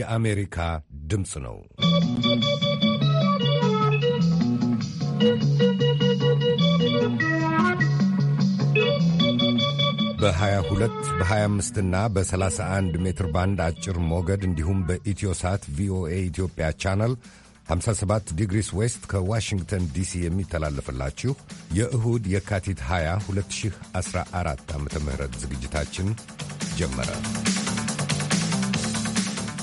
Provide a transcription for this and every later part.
የአሜሪካ ድምፅ ነው። በ22 በ25 እና በ31 ሜትር ባንድ አጭር ሞገድ እንዲሁም በኢትዮሳት ቪኦኤ ኢትዮጵያ ቻናል 57 ዲግሪስ ዌስት ከዋሽንግተን ዲሲ የሚተላለፍላችሁ የእሁድ የካቲት 20 2014 ዓ ም ዝግጅታችን ጀመረ።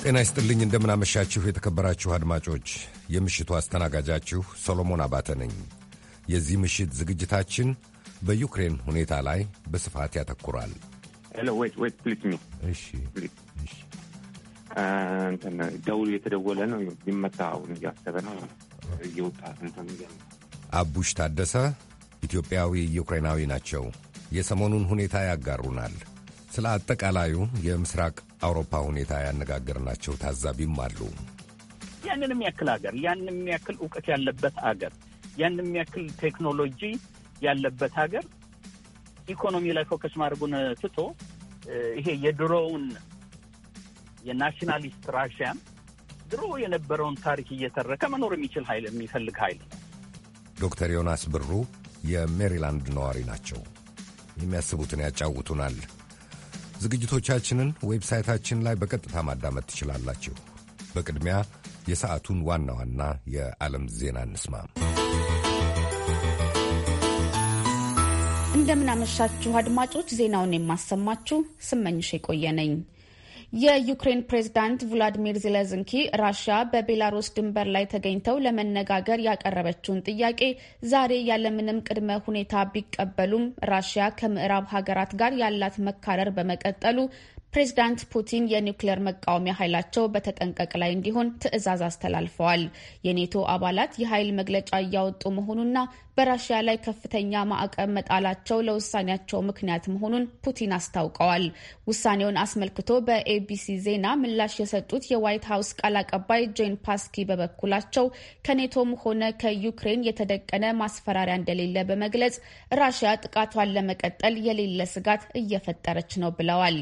ጤና ይስጥልኝ። እንደምናመሻችሁ የተከበራችሁ አድማጮች፣ የምሽቱ አስተናጋጃችሁ ሰሎሞን አባተ ነኝ። የዚህ ምሽት ዝግጅታችን በዩክሬን ሁኔታ ላይ በስፋት ያተኩራል። ደውሉ የተደወለ ነው። ሊመታ አሁን እያሰበ ነው። እየወጣ አቡሽ ታደሰ ኢትዮጵያዊ ዩክሬናዊ ናቸው። የሰሞኑን ሁኔታ ያጋሩናል። ስለ አጠቃላዩ የምስራቅ አውሮፓ ሁኔታ ያነጋገርናቸው ታዛቢም አሉ። ያንን የሚያክል አገር ያንን የሚያክል እውቀት ያለበት አገር ያንን የሚያክል ቴክኖሎጂ ያለበት አገር ኢኮኖሚ ላይ ፎከስ ማድረጉን ትቶ ይሄ የድሮውን የናሽናሊስት ራሽያን ድሮ የነበረውን ታሪክ እየተረከ መኖር የሚችል ኃይል የሚፈልግ ኃይል ነው። ዶክተር ዮናስ ብሩ የሜሪላንድ ነዋሪ ናቸው። የሚያስቡትን ያጫውቱናል። ዝግጅቶቻችንን ዌብሳይታችን ላይ በቀጥታ ማዳመጥ ትችላላችሁ። በቅድሚያ የሰዓቱን ዋና ዋና የዓለም ዜና እንስማ። እንደምናመሻችሁ አድማጮች፣ ዜናውን የማሰማችሁ ስመኝሽ የቆየ ነኝ። የዩክሬን ፕሬዝዳንት ቭላዲሚር ዜለንስኪ ራሽያ በቤላሩስ ድንበር ላይ ተገኝተው ለመነጋገር ያቀረበችውን ጥያቄ ዛሬ ያለምንም ቅድመ ሁኔታ ቢቀበሉም ራሽያ ከምዕራብ ሀገራት ጋር ያላት መካረር በመቀጠሉ ፕሬዚዳንት ፑቲን የኒውክሌር መቃወሚያ ኃይላቸው በተጠንቀቅ ላይ እንዲሆን ትዕዛዝ አስተላልፈዋል። የኔቶ አባላት የኃይል መግለጫ እያወጡ መሆኑና በራሽያ ላይ ከፍተኛ ማዕቀብ መጣላቸው ለውሳኔያቸው ምክንያት መሆኑን ፑቲን አስታውቀዋል። ውሳኔውን አስመልክቶ በኤቢሲ ዜና ምላሽ የሰጡት የዋይት ሀውስ ቃል አቀባይ ጄን ፓስኪ በበኩላቸው ከኔቶም ሆነ ከዩክሬን የተደቀነ ማስፈራሪያ እንደሌለ በመግለጽ ራሽያ ጥቃቷን ለመቀጠል የሌለ ስጋት እየፈጠረች ነው ብለዋል።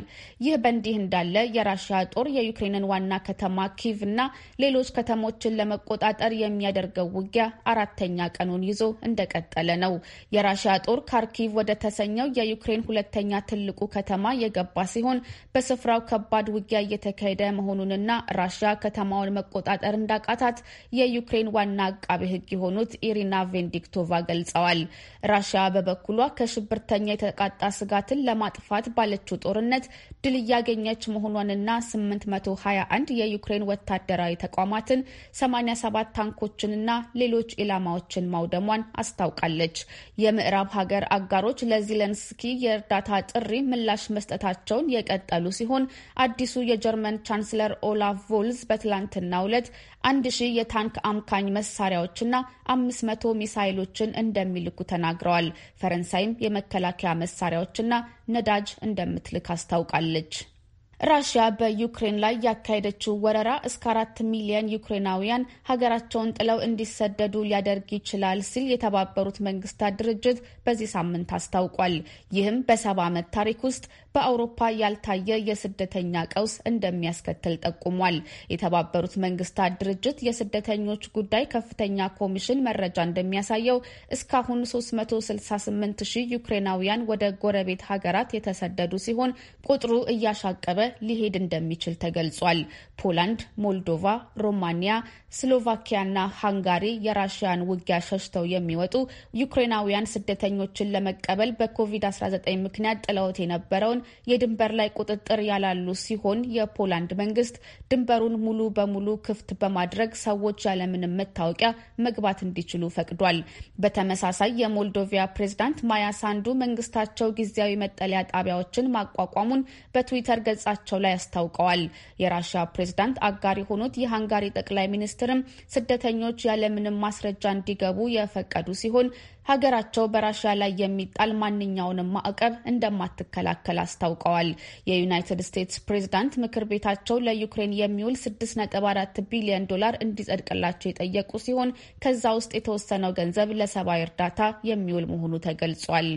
ይህ በእንዲህ እንዳለ የራሽያ ጦር የዩክሬንን ዋና ከተማ ኪቭ እና ሌሎች ከተሞችን ለመቆጣጠር የሚያደርገው ውጊያ አራተኛ ቀኑን ይዞ እንደ እንደቀጠለ ነው። የራሽያ ጦር ካርኪቭ ወደ ተሰኘው የዩክሬን ሁለተኛ ትልቁ ከተማ የገባ ሲሆን በስፍራው ከባድ ውጊያ እየተካሄደ መሆኑንና ራሽያ ከተማውን መቆጣጠር እንዳቃታት የዩክሬን ዋና አቃቤ ሕግ የሆኑት ኢሪና ቬንዲክቶቫ ገልጸዋል። ራሽያ በበኩሏ ከሽብርተኛ የተቃጣ ስጋትን ለማጥፋት ባለችው ጦርነት ድል እያገኘች መሆኗንና 821 የዩክሬን ወታደራዊ ተቋማትን 87 ታንኮችንና ሌሎች ኢላማዎችን ማውደሟን አስ አስታውቃለች። የምዕራብ ሀገር አጋሮች ለዚለንስኪ የእርዳታ ጥሪ ምላሽ መስጠታቸውን የቀጠሉ ሲሆን አዲሱ የጀርመን ቻንስለር ኦላፍ ቮልዝ በትላንትናው ዕለት አንድ ሺህ የታንክ አምካኝ መሳሪያዎችና አምስት መቶ ሚሳይሎችን እንደሚልኩ ተናግረዋል። ፈረንሳይም የመከላከያ መሳሪያዎችና ነዳጅ እንደምትልክ አስታውቃለች። ራሽያ በዩክሬን ላይ ያካሄደችው ወረራ እስከ አራት ሚሊዮን ዩክሬናውያን ሀገራቸውን ጥለው እንዲሰደዱ ሊያደርግ ይችላል ሲል የተባበሩት መንግስታት ድርጅት በዚህ ሳምንት አስታውቋል። ይህም በሰባ ዓመት ታሪክ ውስጥ በአውሮፓ ያልታየ የስደተኛ ቀውስ እንደሚያስከትል ጠቁሟል። የተባበሩት መንግስታት ድርጅት የስደተኞች ጉዳይ ከፍተኛ ኮሚሽን መረጃ እንደሚያሳየው እስካሁን 368 ሺህ ዩክሬናውያን ወደ ጎረቤት ሀገራት የተሰደዱ ሲሆን ቁጥሩ እያሻቀበ ሊሄድ እንደሚችል ተገልጿል። ፖላንድ፣ ሞልዶቫ፣ ሮማኒያ፣ ስሎቫኪያና ሃንጋሪ የራሽያን ውጊያ ሸሽተው የሚወጡ ዩክሬናውያን ስደተኞችን ለመቀበል በኮቪድ-19 ምክንያት ጥለውት የነበረውን የድንበር ላይ ቁጥጥር ያላሉ ሲሆን የፖላንድ መንግስት ድንበሩን ሙሉ በሙሉ ክፍት በማድረግ ሰዎች ያለምንም መታወቂያ መግባት እንዲችሉ ፈቅዷል። በተመሳሳይ የሞልዶቪያ ፕሬዝዳንት ማያ ሳንዱ መንግስታቸው ጊዜያዊ መጠለያ ጣቢያዎችን ማቋቋሙን በትዊተር ገጻቸው ላይ አስታውቀዋል። የራሽያ ፕሬዝዳንት አጋር የሆኑት የሃንጋሪ ጠቅላይ ሚኒስትርም ስደተኞች ያለምንም ማስረጃ እንዲገቡ የፈቀዱ ሲሆን ሀገራቸው በራሽያ ላይ የሚጣል ማንኛውንም ማዕቀብ እንደማትከላከል አስታውቀዋል። የዩናይትድ ስቴትስ ፕሬዝዳንት ምክር ቤታቸው ለዩክሬን የሚውል 6.4 ቢሊዮን ዶላር እንዲጸድቅላቸው የጠየቁ ሲሆን ከዛ ውስጥ የተወሰነው ገንዘብ ለሰብአዊ እርዳታ የሚውል መሆኑ ተገልጿል።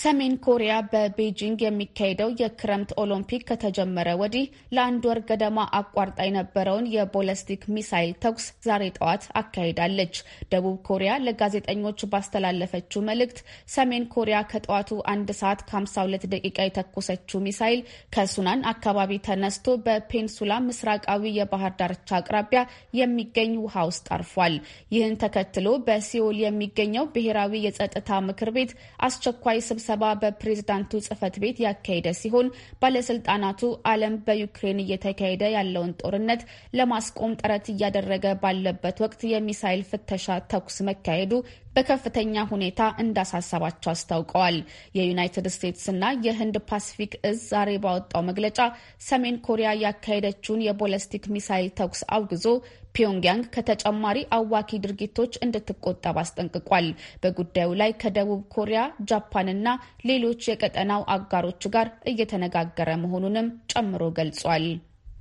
ሰሜን ኮሪያ በቤጂንግ የሚካሄደው የክረምት ኦሎምፒክ ከተጀመረ ወዲህ ለአንድ ወር ገደማ አቋርጣ የነበረውን የቦለስቲክ ሚሳይል ተኩስ ዛሬ ጠዋት አካሂዳለች። ደቡብ ኮሪያ ለጋዜጠኞች ባስተላለፈችው መልእክት ሰሜን ኮሪያ ከጠዋቱ አንድ ሰዓት ከ52 ደቂቃ የተኮሰችው ሚሳይል ከሱናን አካባቢ ተነስቶ በፔንሱላ ምስራቃዊ የባህር ዳርቻ አቅራቢያ የሚገኝ ውሃ ውስጥ አርፏል። ይህን ተከትሎ በሲኦል የሚገኘው ብሔራዊ የጸጥታ ምክር ቤት አስቸኳይ ስብ ስብሰባ በፕሬዝዳንቱ ጽህፈት ቤት ያካሄደ ሲሆን ባለስልጣናቱ ዓለም በዩክሬን እየተካሄደ ያለውን ጦርነት ለማስቆም ጥረት እያደረገ ባለበት ወቅት የሚሳይል ፍተሻ ተኩስ መካሄዱ በከፍተኛ ሁኔታ እንዳሳሰባቸው አስታውቀዋል። የዩናይትድ ስቴትስና የህንድ ፓሲፊክ እዝ ዛሬ ባወጣው መግለጫ ሰሜን ኮሪያ ያካሄደችውን የቦለስቲክ ሚሳይል ተኩስ አውግዞ ፒዮንግያንግ ከተጨማሪ አዋኪ ድርጊቶች እንድትቆጠብ አስጠንቅቋል። በጉዳዩ ላይ ከደቡብ ኮሪያ፣ ጃፓንና ሌሎች የቀጠናው አጋሮች ጋር እየተነጋገረ መሆኑንም ጨምሮ ገልጿል።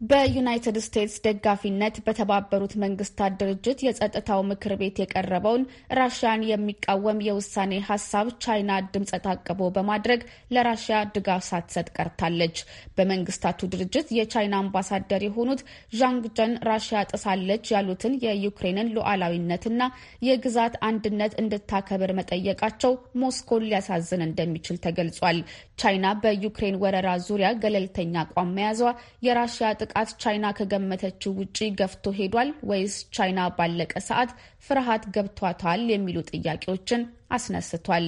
በዩናይትድ ስቴትስ ደጋፊነት በተባበሩት መንግስታት ድርጅት የጸጥታው ምክር ቤት የቀረበውን ራሽያን የሚቃወም የውሳኔ ሀሳብ ቻይና ድምፀ ታቅቦ በማድረግ ለራሽያ ድጋፍ ሳትሰጥ ቀርታለች። በመንግስታቱ ድርጅት የቻይና አምባሳደር የሆኑት ዣንግ ጀን ራሽያ ጥሳለች ያሉትን የዩክሬንን ሉዓላዊነትና የግዛት አንድነት እንድታከብር መጠየቃቸው ሞስኮን ሊያሳዝን እንደሚችል ተገልጿል። ቻይና በዩክሬን ወረራ ዙሪያ ገለልተኛ አቋም መያዟ የራሽያ ጥቃት ቻይና ከገመተችው ውጪ ገፍቶ ሄዷል ወይስ ቻይና ባለቀ ሰዓት ፍርሃት ገብቷታል የሚሉ ጥያቄዎችን አስነስቷል።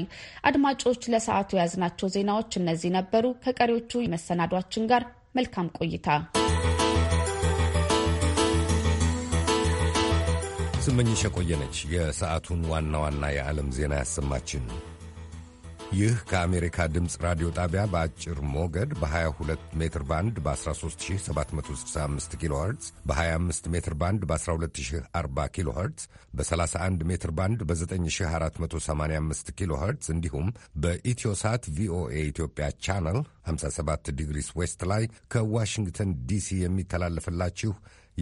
አድማጮች፣ ለሰዓቱ የያዝናቸው ዜናዎች እነዚህ ነበሩ። ከቀሪዎቹ መሰናዷችን ጋር መልካም ቆይታ። ስመኝሽ የቆየነች የሰዓቱን ዋና ዋና የዓለም ዜና ያሰማችን። ይህ ከአሜሪካ ድምፅ ራዲዮ ጣቢያ በአጭር ሞገድ በ22 ሜትር ባንድ በ13765 ኪሎ ኸርትዝ በ25 ሜትር ባንድ በ1240 ኪሎ ኸርትዝ በ31 ሜትር ባንድ በ9485 ኪሎ ኸርትዝ እንዲሁም በኢትዮሳት ቪኦኤ ኢትዮጵያ ቻናል 57 ዲግሪስ ዌስት ላይ ከዋሽንግተን ዲሲ የሚተላለፍላችሁ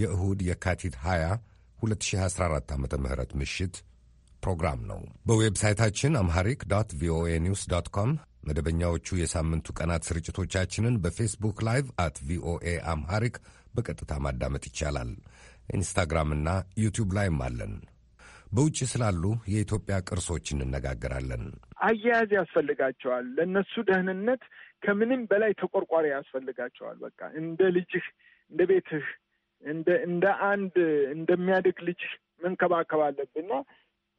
የእሁድ የካቲት 20 2014 ዓ ም ምሽት ፕሮግራም ነው። በዌብሳይታችን አምሃሪክ ዶት ቪኦኤ ኒውስ ዶት ኮም መደበኛዎቹ የሳምንቱ ቀናት ስርጭቶቻችንን በፌስቡክ ላይቭ አት ቪኦኤ አምሃሪክ በቀጥታ ማዳመጥ ይቻላል። ኢንስታግራምና ዩቲዩብ ላይም አለን። በውጭ ስላሉ የኢትዮጵያ ቅርሶች እንነጋገራለን። አያያዝ ያስፈልጋቸዋል። ለእነሱ ደህንነት ከምንም በላይ ተቆርቋሪ ያስፈልጋቸዋል። በቃ እንደ ልጅህ፣ እንደ ቤትህ፣ እንደ እንደ አንድ እንደሚያድግ ልጅ መንከባከብ አለብና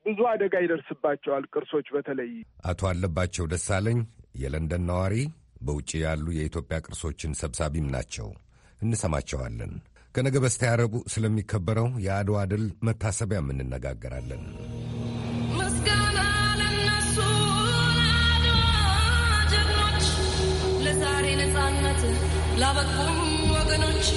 ብዙ አደጋ ይደርስባቸዋል። ቅርሶች በተለይ አቶ አለባቸው ደሳለኝ የለንደን ነዋሪ በውጭ ያሉ የኢትዮጵያ ቅርሶችን ሰብሳቢም ናቸው። እንሰማቸዋለን። ከነገ በስቲያ ረቡዕ ስለሚከበረው የአድዋ ድል መታሰቢያም እንነጋገራለን። ላበቁም ወገኖች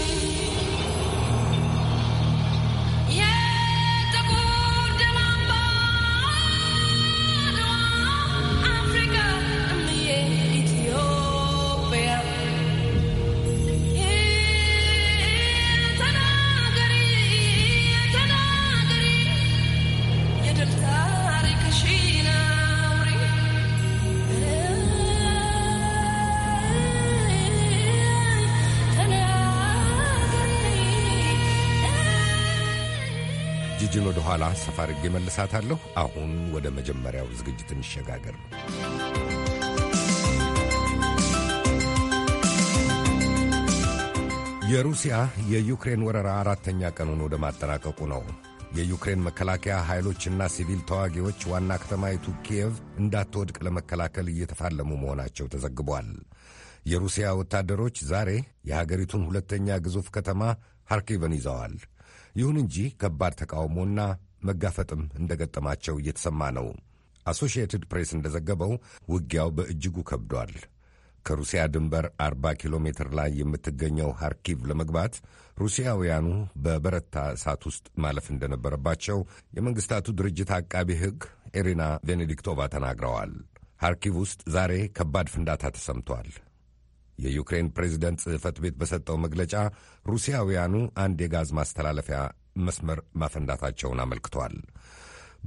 በኋላ ሰፋ አድርጌ መልሳታለሁ። አሁን ወደ መጀመሪያው ዝግጅት እንሸጋገር ነው። የሩሲያ የዩክሬን ወረራ አራተኛ ቀኑን ወደ ማጠናቀቁ ነው። የዩክሬን መከላከያ ኃይሎችና ሲቪል ተዋጊዎች ዋና ከተማይቱ ኪየቭ እንዳትወድቅ ለመከላከል እየተፋለሙ መሆናቸው ተዘግቧል። የሩሲያ ወታደሮች ዛሬ የሀገሪቱን ሁለተኛ ግዙፍ ከተማ ሃርኪቭን ይዘዋል። ይሁን እንጂ ከባድ ተቃውሞና መጋፈጥም እንደገጠማቸው እየተሰማ ነው። አሶሺየትድ ፕሬስ እንደዘገበው ውጊያው በእጅጉ ከብዷል። ከሩሲያ ድንበር 40 ኪሎ ሜትር ላይ የምትገኘው ሃርኪቭ ለመግባት ሩሲያውያኑ በበረታ እሳት ውስጥ ማለፍ እንደነበረባቸው የመንግስታቱ ድርጅት አቃቢ ሕግ ኤሪና ቬኔዲክቶቫ ተናግረዋል። ሃርኪቭ ውስጥ ዛሬ ከባድ ፍንዳታ ተሰምቷል። የዩክሬን ፕሬዚደንት ጽህፈት ቤት በሰጠው መግለጫ ሩሲያውያኑ አንድ የጋዝ ማስተላለፊያ መስመር ማፈንዳታቸውን አመልክቷል።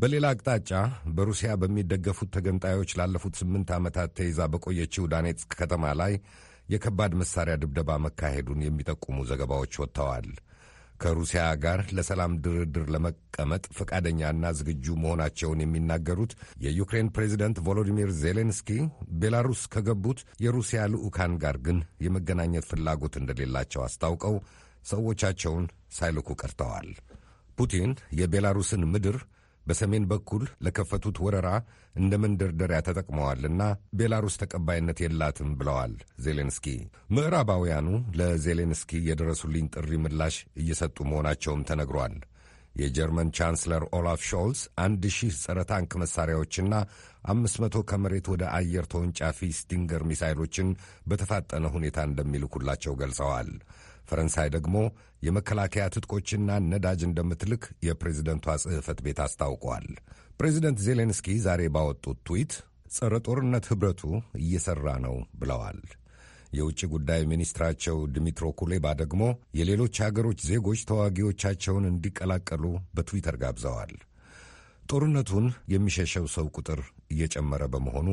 በሌላ አቅጣጫ በሩሲያ በሚደገፉት ተገንጣዮች ላለፉት ስምንት ዓመታት ተይዛ በቆየችው ዳኔትስክ ከተማ ላይ የከባድ መሳሪያ ድብደባ መካሄዱን የሚጠቁሙ ዘገባዎች ወጥተዋል። ከሩሲያ ጋር ለሰላም ድርድር ለመቀመጥ ፈቃደኛና ዝግጁ መሆናቸውን የሚናገሩት የዩክሬን ፕሬዚደንት ቮሎዲሚር ዜሌንስኪ ቤላሩስ ከገቡት የሩሲያ ልዑካን ጋር ግን የመገናኘት ፍላጎት እንደሌላቸው አስታውቀው ሰዎቻቸውን ሳይልኩ ቀርተዋል። ፑቲን የቤላሩስን ምድር በሰሜን በኩል ለከፈቱት ወረራ እንደ መንደርደሪያ ተጠቅመዋልና ቤላሩስ ተቀባይነት የላትም ብለዋል ዜሌንስኪ። ምዕራባውያኑ ለዜሌንስኪ የደረሱልኝ ጥሪ ምላሽ እየሰጡ መሆናቸውም ተነግሯል። የጀርመን ቻንስለር ኦላፍ ሾልስ አንድ ሺህ ጸረ ታንክ መሳሪያዎችና አምስት መቶ ከመሬት ወደ አየር ተወንጫፊ ስቲንገር ሚሳይሎችን በተፋጠነ ሁኔታ እንደሚልኩላቸው ገልጸዋል። ፈረንሳይ ደግሞ የመከላከያ ትጥቆችና ነዳጅ እንደምትልክ የፕሬዝደንቷ ጽሕፈት ቤት አስታውቀዋል። ፕሬዚደንት ዜሌንስኪ ዛሬ ባወጡት ትዊት ጸረ ጦርነት ኅብረቱ እየሠራ ነው ብለዋል። የውጭ ጉዳይ ሚኒስትራቸው ድሚትሮ ኩሌባ ደግሞ የሌሎች አገሮች ዜጎች ተዋጊዎቻቸውን እንዲቀላቀሉ በትዊተር ጋብዘዋል። ጦርነቱን የሚሸሸው ሰው ቁጥር እየጨመረ በመሆኑ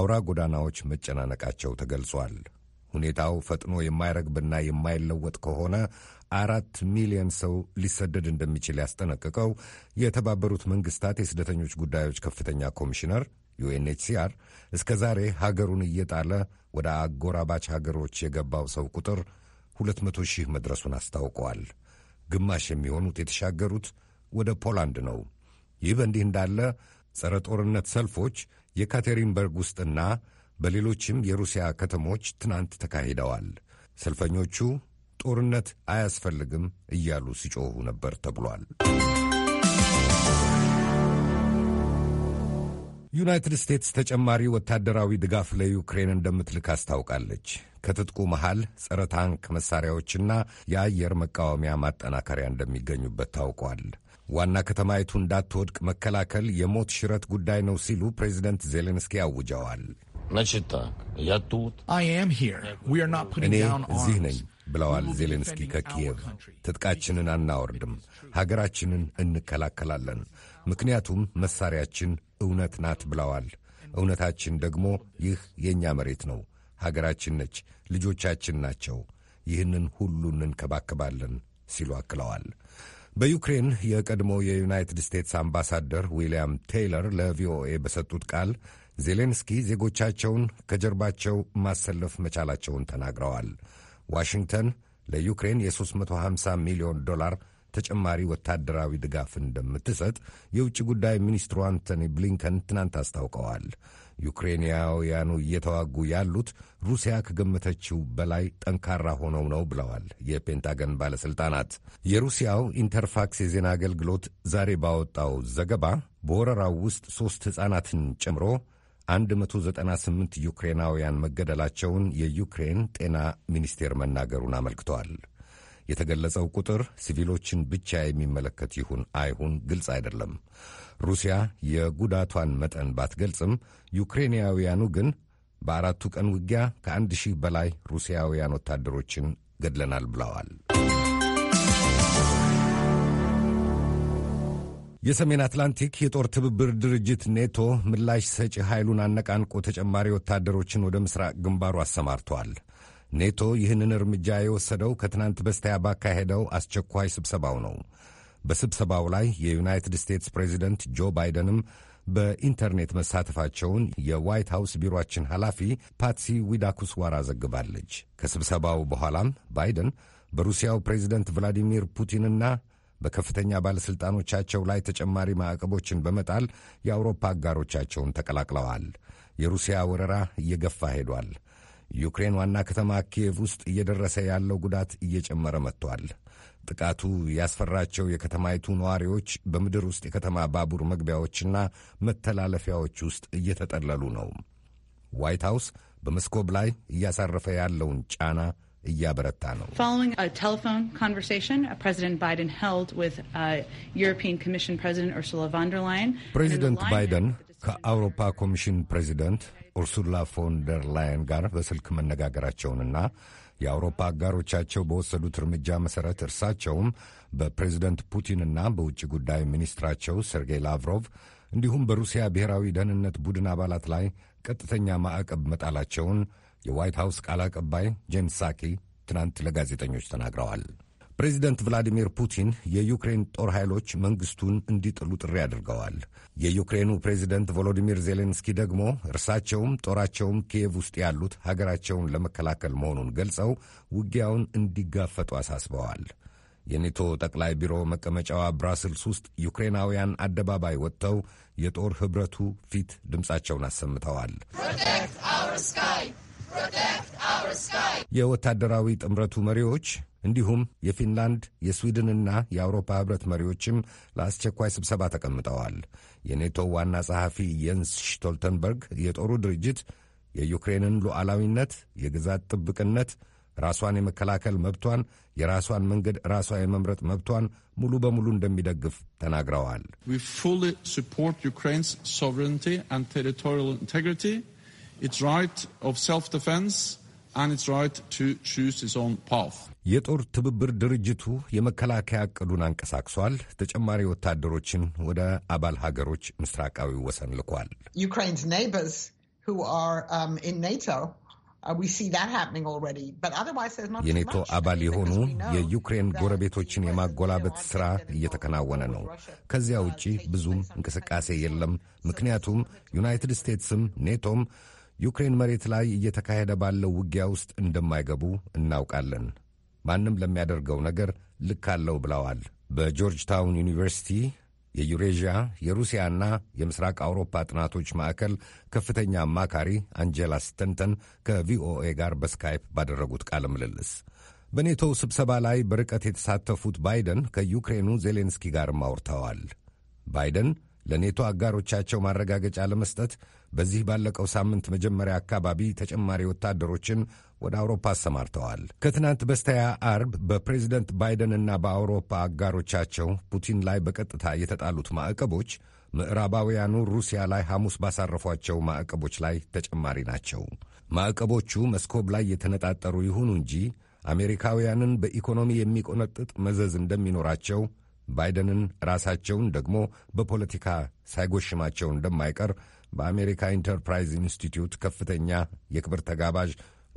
አውራ ጎዳናዎች መጨናነቃቸው ተገልጿል። ሁኔታው ፈጥኖ የማይረግብና የማይለወጥ ከሆነ አራት ሚሊዮን ሰው ሊሰደድ እንደሚችል ያስጠነቅቀው የተባበሩት መንግስታት የስደተኞች ጉዳዮች ከፍተኛ ኮሚሽነር ዩኤንኤችሲአር እስከ ዛሬ ሀገሩን እየጣለ ወደ አጎራባች ሀገሮች የገባው ሰው ቁጥር ሁለት መቶ ሺህ መድረሱን አስታውቀዋል። ግማሽ የሚሆኑት የተሻገሩት ወደ ፖላንድ ነው። ይህ በእንዲህ እንዳለ ጸረ ጦርነት ሰልፎች የካቴሪንበርግ ውስጥና በሌሎችም የሩሲያ ከተሞች ትናንት ተካሂደዋል። ሰልፈኞቹ ጦርነት አያስፈልግም እያሉ ሲጮኹ ነበር ተብሏል። ዩናይትድ ስቴትስ ተጨማሪ ወታደራዊ ድጋፍ ለዩክሬን እንደምትልክ አስታውቃለች። ከትጥቁ መሃል ጸረ ታንክ መሳሪያዎችና የአየር መቃወሚያ ማጠናከሪያ እንደሚገኙበት ታውቋል። ዋና ከተማይቱ እንዳትወድቅ መከላከል የሞት ሽረት ጉዳይ ነው ሲሉ ፕሬዚደንት ዜሌንስኪ አውጀዋል። እኔ እዚህ ነኝ ብለዋል ዜሌንስኪ ከኪየቭ። ትጥቃችንን አናወርድም፣ ሀገራችንን እንከላከላለን፣ ምክንያቱም መሳሪያችን እውነት ናት ብለዋል። እውነታችን ደግሞ ይህ የእኛ መሬት ነው፣ ሀገራችን ነች፣ ልጆቻችን ናቸው። ይህንን ሁሉ እንንከባከባለን ሲሉ አክለዋል። በዩክሬን የቀድሞ የዩናይትድ ስቴትስ አምባሳደር ዊልያም ቴይለር ለቪኦኤ በሰጡት ቃል ዜሌንስኪ ዜጎቻቸውን ከጀርባቸው ማሰለፍ መቻላቸውን ተናግረዋል። ዋሽንግተን ለዩክሬን የ350 ሚሊዮን ዶላር ተጨማሪ ወታደራዊ ድጋፍ እንደምትሰጥ የውጭ ጉዳይ ሚኒስትሩ አንቶኒ ብሊንከን ትናንት አስታውቀዋል። ዩክሬንያውያኑ እየተዋጉ ያሉት ሩሲያ ከገመተችው በላይ ጠንካራ ሆነው ነው ብለዋል የፔንታገን ባለሥልጣናት። የሩሲያው ኢንተርፋክስ የዜና አገልግሎት ዛሬ ባወጣው ዘገባ በወረራው ውስጥ ሦስት ሕፃናትን ጨምሮ 198 ዩክሬናውያን መገደላቸውን የዩክሬን ጤና ሚኒስቴር መናገሩን አመልክተዋል። የተገለጸው ቁጥር ሲቪሎችን ብቻ የሚመለከት ይሁን አይሁን ግልጽ አይደለም። ሩሲያ የጉዳቷን መጠን ባትገልጽም ዩክሬናውያኑ ግን በአራቱ ቀን ውጊያ ከአንድ ሺህ በላይ ሩሲያውያን ወታደሮችን ገድለናል ብለዋል። የሰሜን አትላንቲክ የጦር ትብብር ድርጅት ኔቶ ምላሽ ሰጪ ኃይሉን አነቃንቆ ተጨማሪ ወታደሮችን ወደ ምስራቅ ግንባሩ አሰማርቷል። ኔቶ ይህንን እርምጃ የወሰደው ከትናንት በስቲያ ባካሄደው አስቸኳይ ስብሰባው ነው። በስብሰባው ላይ የዩናይትድ ስቴትስ ፕሬዚደንት ጆ ባይደንም በኢንተርኔት መሳተፋቸውን የዋይት ሃውስ ቢሮአችን ኃላፊ ፓትሲ ዋራ ዘግባለች። ከስብሰባው በኋላም ባይደን በሩሲያው ፕሬዚደንት ቭላዲሚር ፑቲንና በከፍተኛ ባለሥልጣኖቻቸው ላይ ተጨማሪ ማዕቀቦችን በመጣል የአውሮፓ አጋሮቻቸውን ተቀላቅለዋል። የሩሲያ ወረራ እየገፋ ሄዷል። ዩክሬን ዋና ከተማ ኪየቭ ውስጥ እየደረሰ ያለው ጉዳት እየጨመረ መጥቷል። ጥቃቱ ያስፈራቸው የከተማይቱ ነዋሪዎች በምድር ውስጥ የከተማ ባቡር መግቢያዎችና መተላለፊያዎች ውስጥ እየተጠለሉ ነው። ዋይት ሐውስ በመስኮብ ላይ እያሳረፈ ያለውን ጫና እያበረታ ነው። ፕሬዚደንት ባይደን uh, ከአውሮፓ ኮሚሽን ፕሬዚደንት ኡርሱላ ፎን ደር ላየን ጋር በስልክ መነጋገራቸውንና የአውሮፓ አጋሮቻቸው በወሰዱት እርምጃ መሠረት እርሳቸውም በፕሬዚደንት ፑቲንና በውጭ ጉዳይ ሚኒስትራቸው ሰርጌይ ላቭሮቭ እንዲሁም በሩሲያ ብሔራዊ ደህንነት ቡድን አባላት ላይ ቀጥተኛ ማዕቀብ መጣላቸውን የዋይት ሀውስ ቃል አቀባይ ጄን ሳኪ ትናንት ለጋዜጠኞች ተናግረዋል። ፕሬዚደንት ቭላዲሚር ፑቲን የዩክሬን ጦር ኃይሎች መንግሥቱን እንዲጥሉ ጥሪ አድርገዋል። የዩክሬኑ ፕሬዚደንት ቮሎዲሚር ዜሌንስኪ ደግሞ እርሳቸውም ጦራቸውም ኪየቭ ውስጥ ያሉት ሀገራቸውን ለመከላከል መሆኑን ገልጸው ውጊያውን እንዲጋፈጡ አሳስበዋል። የኔቶ ጠቅላይ ቢሮ መቀመጫዋ ብራስልስ ውስጥ ዩክሬናውያን አደባባይ ወጥተው የጦር ኅብረቱ ፊት ድምፃቸውን አሰምተዋል። የወታደራዊ ጥምረቱ መሪዎች እንዲሁም የፊንላንድ የስዊድንና የአውሮፓ ህብረት መሪዎችም ለአስቸኳይ ስብሰባ ተቀምጠዋል። የኔቶ ዋና ጸሐፊ የንስ ሽቶልተንበርግ የጦሩ ድርጅት የዩክሬንን ሉዓላዊነት፣ የግዛት ጥብቅነት፣ ራሷን የመከላከል መብቷን፣ የራሷን መንገድ ራሷ የመምረጥ መብቷን ሙሉ በሙሉ እንደሚደግፍ ተናግረዋል። its right of self-defense and its right to choose its own path። የጦር ትብብር ድርጅቱ የመከላከያ እቅዱን አንቀሳቅሷል። ተጨማሪ ወታደሮችን ወደ አባል ሀገሮች ምስራቃዊ ወሰን ልኳል። ዩክሬንስ ኔይበርስ ሁ አር ኢን ኔቶ የኔቶ አባል የሆኑ የዩክሬን ጎረቤቶችን የማጎላበት ሥራ እየተከናወነ ነው። ከዚያ ውጪ ብዙም እንቅስቃሴ የለም። ምክንያቱም ዩናይትድ ስቴትስም ኔቶም ዩክሬን መሬት ላይ እየተካሄደ ባለው ውጊያ ውስጥ እንደማይገቡ እናውቃለን። ማንም ለሚያደርገው ነገር ልክ አለው ብለዋል። በጆርጅ ታውን ዩኒቨርሲቲ የዩሬዥያ የሩሲያና የምስራቅ አውሮፓ ጥናቶች ማዕከል ከፍተኛ አማካሪ አንጀላ ስተንተን ከቪኦኤ ጋር በስካይፕ ባደረጉት ቃለ ምልልስ በኔቶ ስብሰባ ላይ በርቀት የተሳተፉት ባይደን ከዩክሬኑ ዜሌንስኪ ጋርም አውርተዋል። ባይደን ለኔቶ አጋሮቻቸው ማረጋገጫ ለመስጠት በዚህ ባለቀው ሳምንት መጀመሪያ አካባቢ ተጨማሪ ወታደሮችን ወደ አውሮፓ አሰማርተዋል። ከትናንት በስተያ አርብ በፕሬዚደንት ባይደን እና በአውሮፓ አጋሮቻቸው ፑቲን ላይ በቀጥታ የተጣሉት ማዕቀቦች ምዕራባውያኑ ሩሲያ ላይ ሐሙስ ባሳረፏቸው ማዕቀቦች ላይ ተጨማሪ ናቸው። ማዕቀቦቹ መስኮብ ላይ የተነጣጠሩ ይሁኑ እንጂ አሜሪካውያንን በኢኮኖሚ የሚቆነጥጥ መዘዝ እንደሚኖራቸው ባይደንን ራሳቸውን ደግሞ በፖለቲካ ሳይጎሽማቸው እንደማይቀር በአሜሪካ ኢንተርፕራይዝ ኢንስቲትዩት ከፍተኛ የክብር ተጋባዥ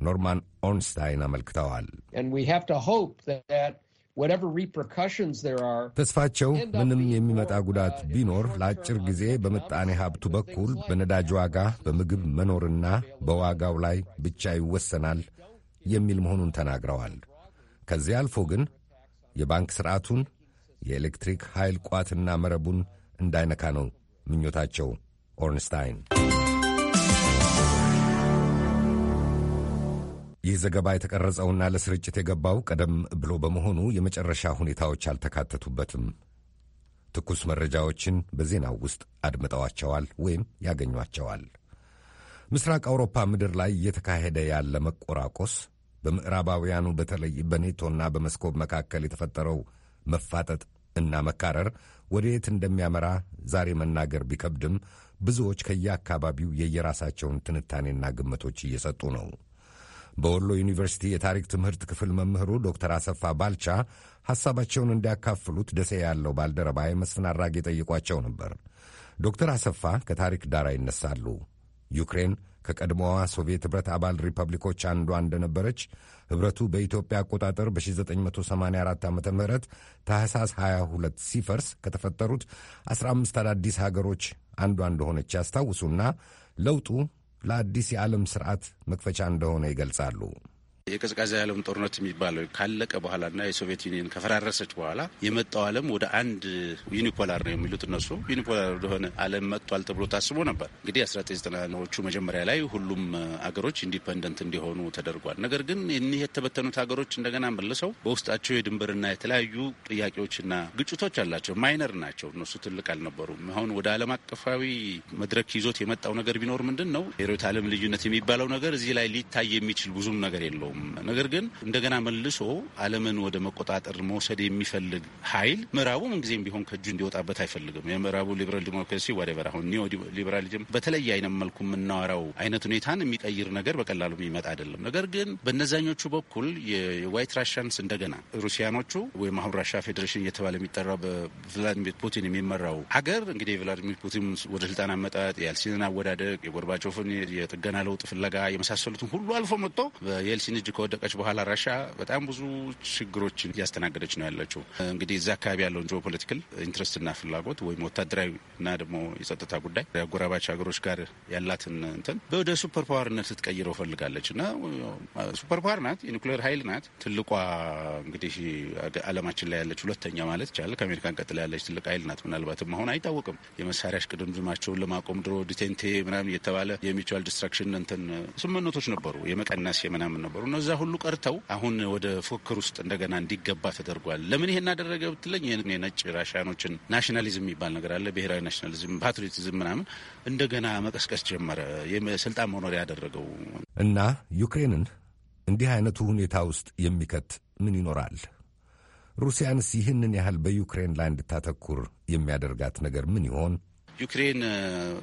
ኖርማን ኦንስታይን አመልክተዋል። ተስፋቸው ምንም የሚመጣ ጉዳት ቢኖር ለአጭር uh, ጊዜ በምጣኔ ሀብቱ በኩል በነዳጅ ዋጋ፣ በምግብ መኖርና በዋጋው ላይ ብቻ ይወሰናል የሚል መሆኑን ተናግረዋል። ከዚያ አልፎ ግን የባንክ ሥርዓቱን የኤሌክትሪክ ኃይል ቋትና መረቡን እንዳይነካ ነው ምኞታቸው። ኦርንስታይን ይህ ዘገባ የተቀረጸውና ለስርጭት የገባው ቀደም ብሎ በመሆኑ የመጨረሻ ሁኔታዎች አልተካተቱበትም። ትኩስ መረጃዎችን በዜናው ውስጥ አድምጠዋቸዋል ወይም ያገኟቸዋል። ምስራቅ አውሮፓ ምድር ላይ እየተካሄደ ያለ መቆራቆስ፣ በምዕራባውያኑ በተለይ በኔቶና በመስኮብ መካከል የተፈጠረው መፋጠጥ እና መካረር ወደየት እንደሚያመራ ዛሬ መናገር ቢከብድም ብዙዎች ከየአካባቢው የየራሳቸውን ትንታኔና ግምቶች እየሰጡ ነው። በወሎ ዩኒቨርሲቲ የታሪክ ትምህርት ክፍል መምህሩ ዶክተር አሰፋ ባልቻ ሐሳባቸውን እንዲያካፍሉት ደሴ ያለው ባልደረባ የመስፍን አራጌ ጠይቋቸው ነበር። ዶክተር አሰፋ ከታሪክ ዳራ ይነሳሉ። ዩክሬን ከቀድሞዋ ሶቪየት ኅብረት አባል ሪፐብሊኮች አንዷ እንደነበረች ኅብረቱ በኢትዮጵያ አቆጣጠር በ1984 ዓ ም ታህሳስ 22 ሲፈርስ ከተፈጠሩት 15 አዳዲስ ሀገሮች አንዷ እንደሆነች ያስታውሱና ለውጡ ለአዲስ የዓለም ሥርዓት መክፈቻ እንደሆነ ይገልጻሉ። የቀዝቃዜ የዓለም ጦርነት የሚባለው ካለቀ በኋላና የሶቪየት ዩኒየን ከፈራረሰች በኋላ የመጣው ዓለም ወደ አንድ ዩኒፖላር ነው የሚሉት እነሱ ዩኒፖላር ወደሆነ ዓለም መጥቷል ተብሎ ታስቦ ነበር። እንግዲህ 1990ዎቹ መጀመሪያ ላይ ሁሉም አገሮች ኢንዲፐንደንት እንዲሆኑ ተደርጓል። ነገር ግን እኒህ የተበተኑት ሀገሮች እንደገና መልሰው በውስጣቸው የድንበርና የተለያዩ ጥያቄዎችና ግጭቶች አላቸው። ማይነር ናቸው እነሱ ትልቅ አልነበሩም። አሁን ወደ ዓለም አቀፋዊ መድረክ ይዞት የመጣው ነገር ቢኖር ምንድን ነው የሮት ዓለም ልዩነት የሚባለው ነገር እዚህ ላይ ሊታይ የሚችል ብዙም ነገር የለውም። የለውም። ነገር ግን እንደገና መልሶ ዓለምን ወደ መቆጣጠር መውሰድ የሚፈልግ ኃይል ምዕራቡ ምንጊዜም ቢሆን ከእጁ እንዲወጣበት አይፈልግም። የምዕራቡ ሊበራል ዲሞክራሲ ወደበር አሁን ኒዮ ሊበራሊዝም በተለየ አይነት መልኩ የምናወራው አይነት ሁኔታን የሚቀይር ነገር በቀላሉ የሚመጣ አይደለም። ነገር ግን በነዛኞቹ በኩል የዋይት ራሽያንስ እንደገና ሩሲያኖቹ ወይም አሁን ራሻ ፌዴሬሽን እየተባለ የሚጠራው በቭላዲሚር ፑቲን የሚመራው ሀገር እንግዲህ የቭላዲሚር ፑቲን ወደ ስልጣን አመጣጥ፣ የልሲንን አወዳደቅ፣ የጎርባቾፍን የጥገና ለውጥ ፍለጋ የመሳሰሉትን ሁሉ አልፎ መጥቶ የልሲን ልጅ ከወደቀች በኋላ ራሻ በጣም ብዙ ችግሮችን እያስተናገደች ነው ያለችው። እንግዲህ እዛ አካባቢ ያለውን ጂኦፖለቲካል ፖለቲካል ኢንትረስትና ፍላጎት ወይም ወታደራዊ እና ደግሞ የጸጥታ ጉዳይ አጎራባች ሀገሮች ጋር ያላትን እንትን ወደ ሱፐር ፓወርነት ስትቀይረው ፈልጋለች እና ሱፐር ፓወር ናት፣ የኒኩሌር ሀይል ናት። ትልቋ እንግዲህ አለማችን ላይ ያለች ሁለተኛ ማለት ይቻላል ከአሜሪካን ቀጥላ ያለች ትልቅ ሀይል ናት። ምናልባትም አሁን አይታወቅም። የመሳሪያ እሽቅድምድማቸውን ለማቆም ድሮ ዲቴንቴ ምናምን የተባለ የሚቹዋል ዲስትራክሽን እንትን ስምምነቶች ነበሩ የመቀነስ የምናምን ነበሩ ነው። እዛ ሁሉ ቀርተው አሁን ወደ ፉክክር ውስጥ እንደገና እንዲገባ ተደርጓል። ለምን ይሄን አደረገ ብትለኝ የነጭ ራሽያኖችን ናሽናሊዝም የሚባል ነገር አለ። ብሔራዊ ናሽናሊዝም፣ ፓትሪዮቲዝም ምናምን እንደገና መቀስቀስ ጀመረ። የስልጣን መኖሪያ ያደረገው እና ዩክሬንን እንዲህ አይነቱ ሁኔታ ውስጥ የሚከት ምን ይኖራል? ሩሲያንስ ይህንን ያህል በዩክሬን ላይ እንድታተኩር የሚያደርጋት ነገር ምን ይሆን? ዩክሬን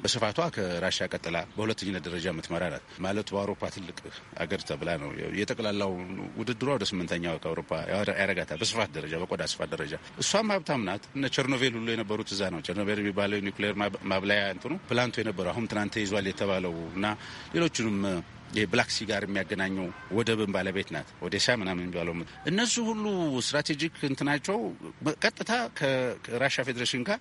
በስፋቷ ከራሽያ ቀጥላ በሁለተኝነት ደረጃ የምትመራ ናት ማለት በአውሮፓ ትልቅ አገር ተብላ ነው። የጠቅላላው ውድድሯ ወደ ስምንተኛው ከአውሮፓ ያረጋታል በስፋት ደረጃ በቆዳ ስፋት ደረጃ። እሷም ሀብታም ናት። እነ ቸርኖቬል ሁሉ የነበሩት እዛ ነው። ቸርኖቬል የሚባለው ኒውክሌር ማብላያ እንትኑ ፕላንቱ የነበረው አሁን ትናንት ይዟል የተባለው እና ሌሎቹንም የብላክሲ ጋር የሚያገናኘው ወደብን ባለቤት ናት። ኦዴሳ ምናምን የሚባለው እነሱ ሁሉ ስትራቴጂክ እንትናቸው ቀጥታ ከራሻ ፌዴሬሽን ጋር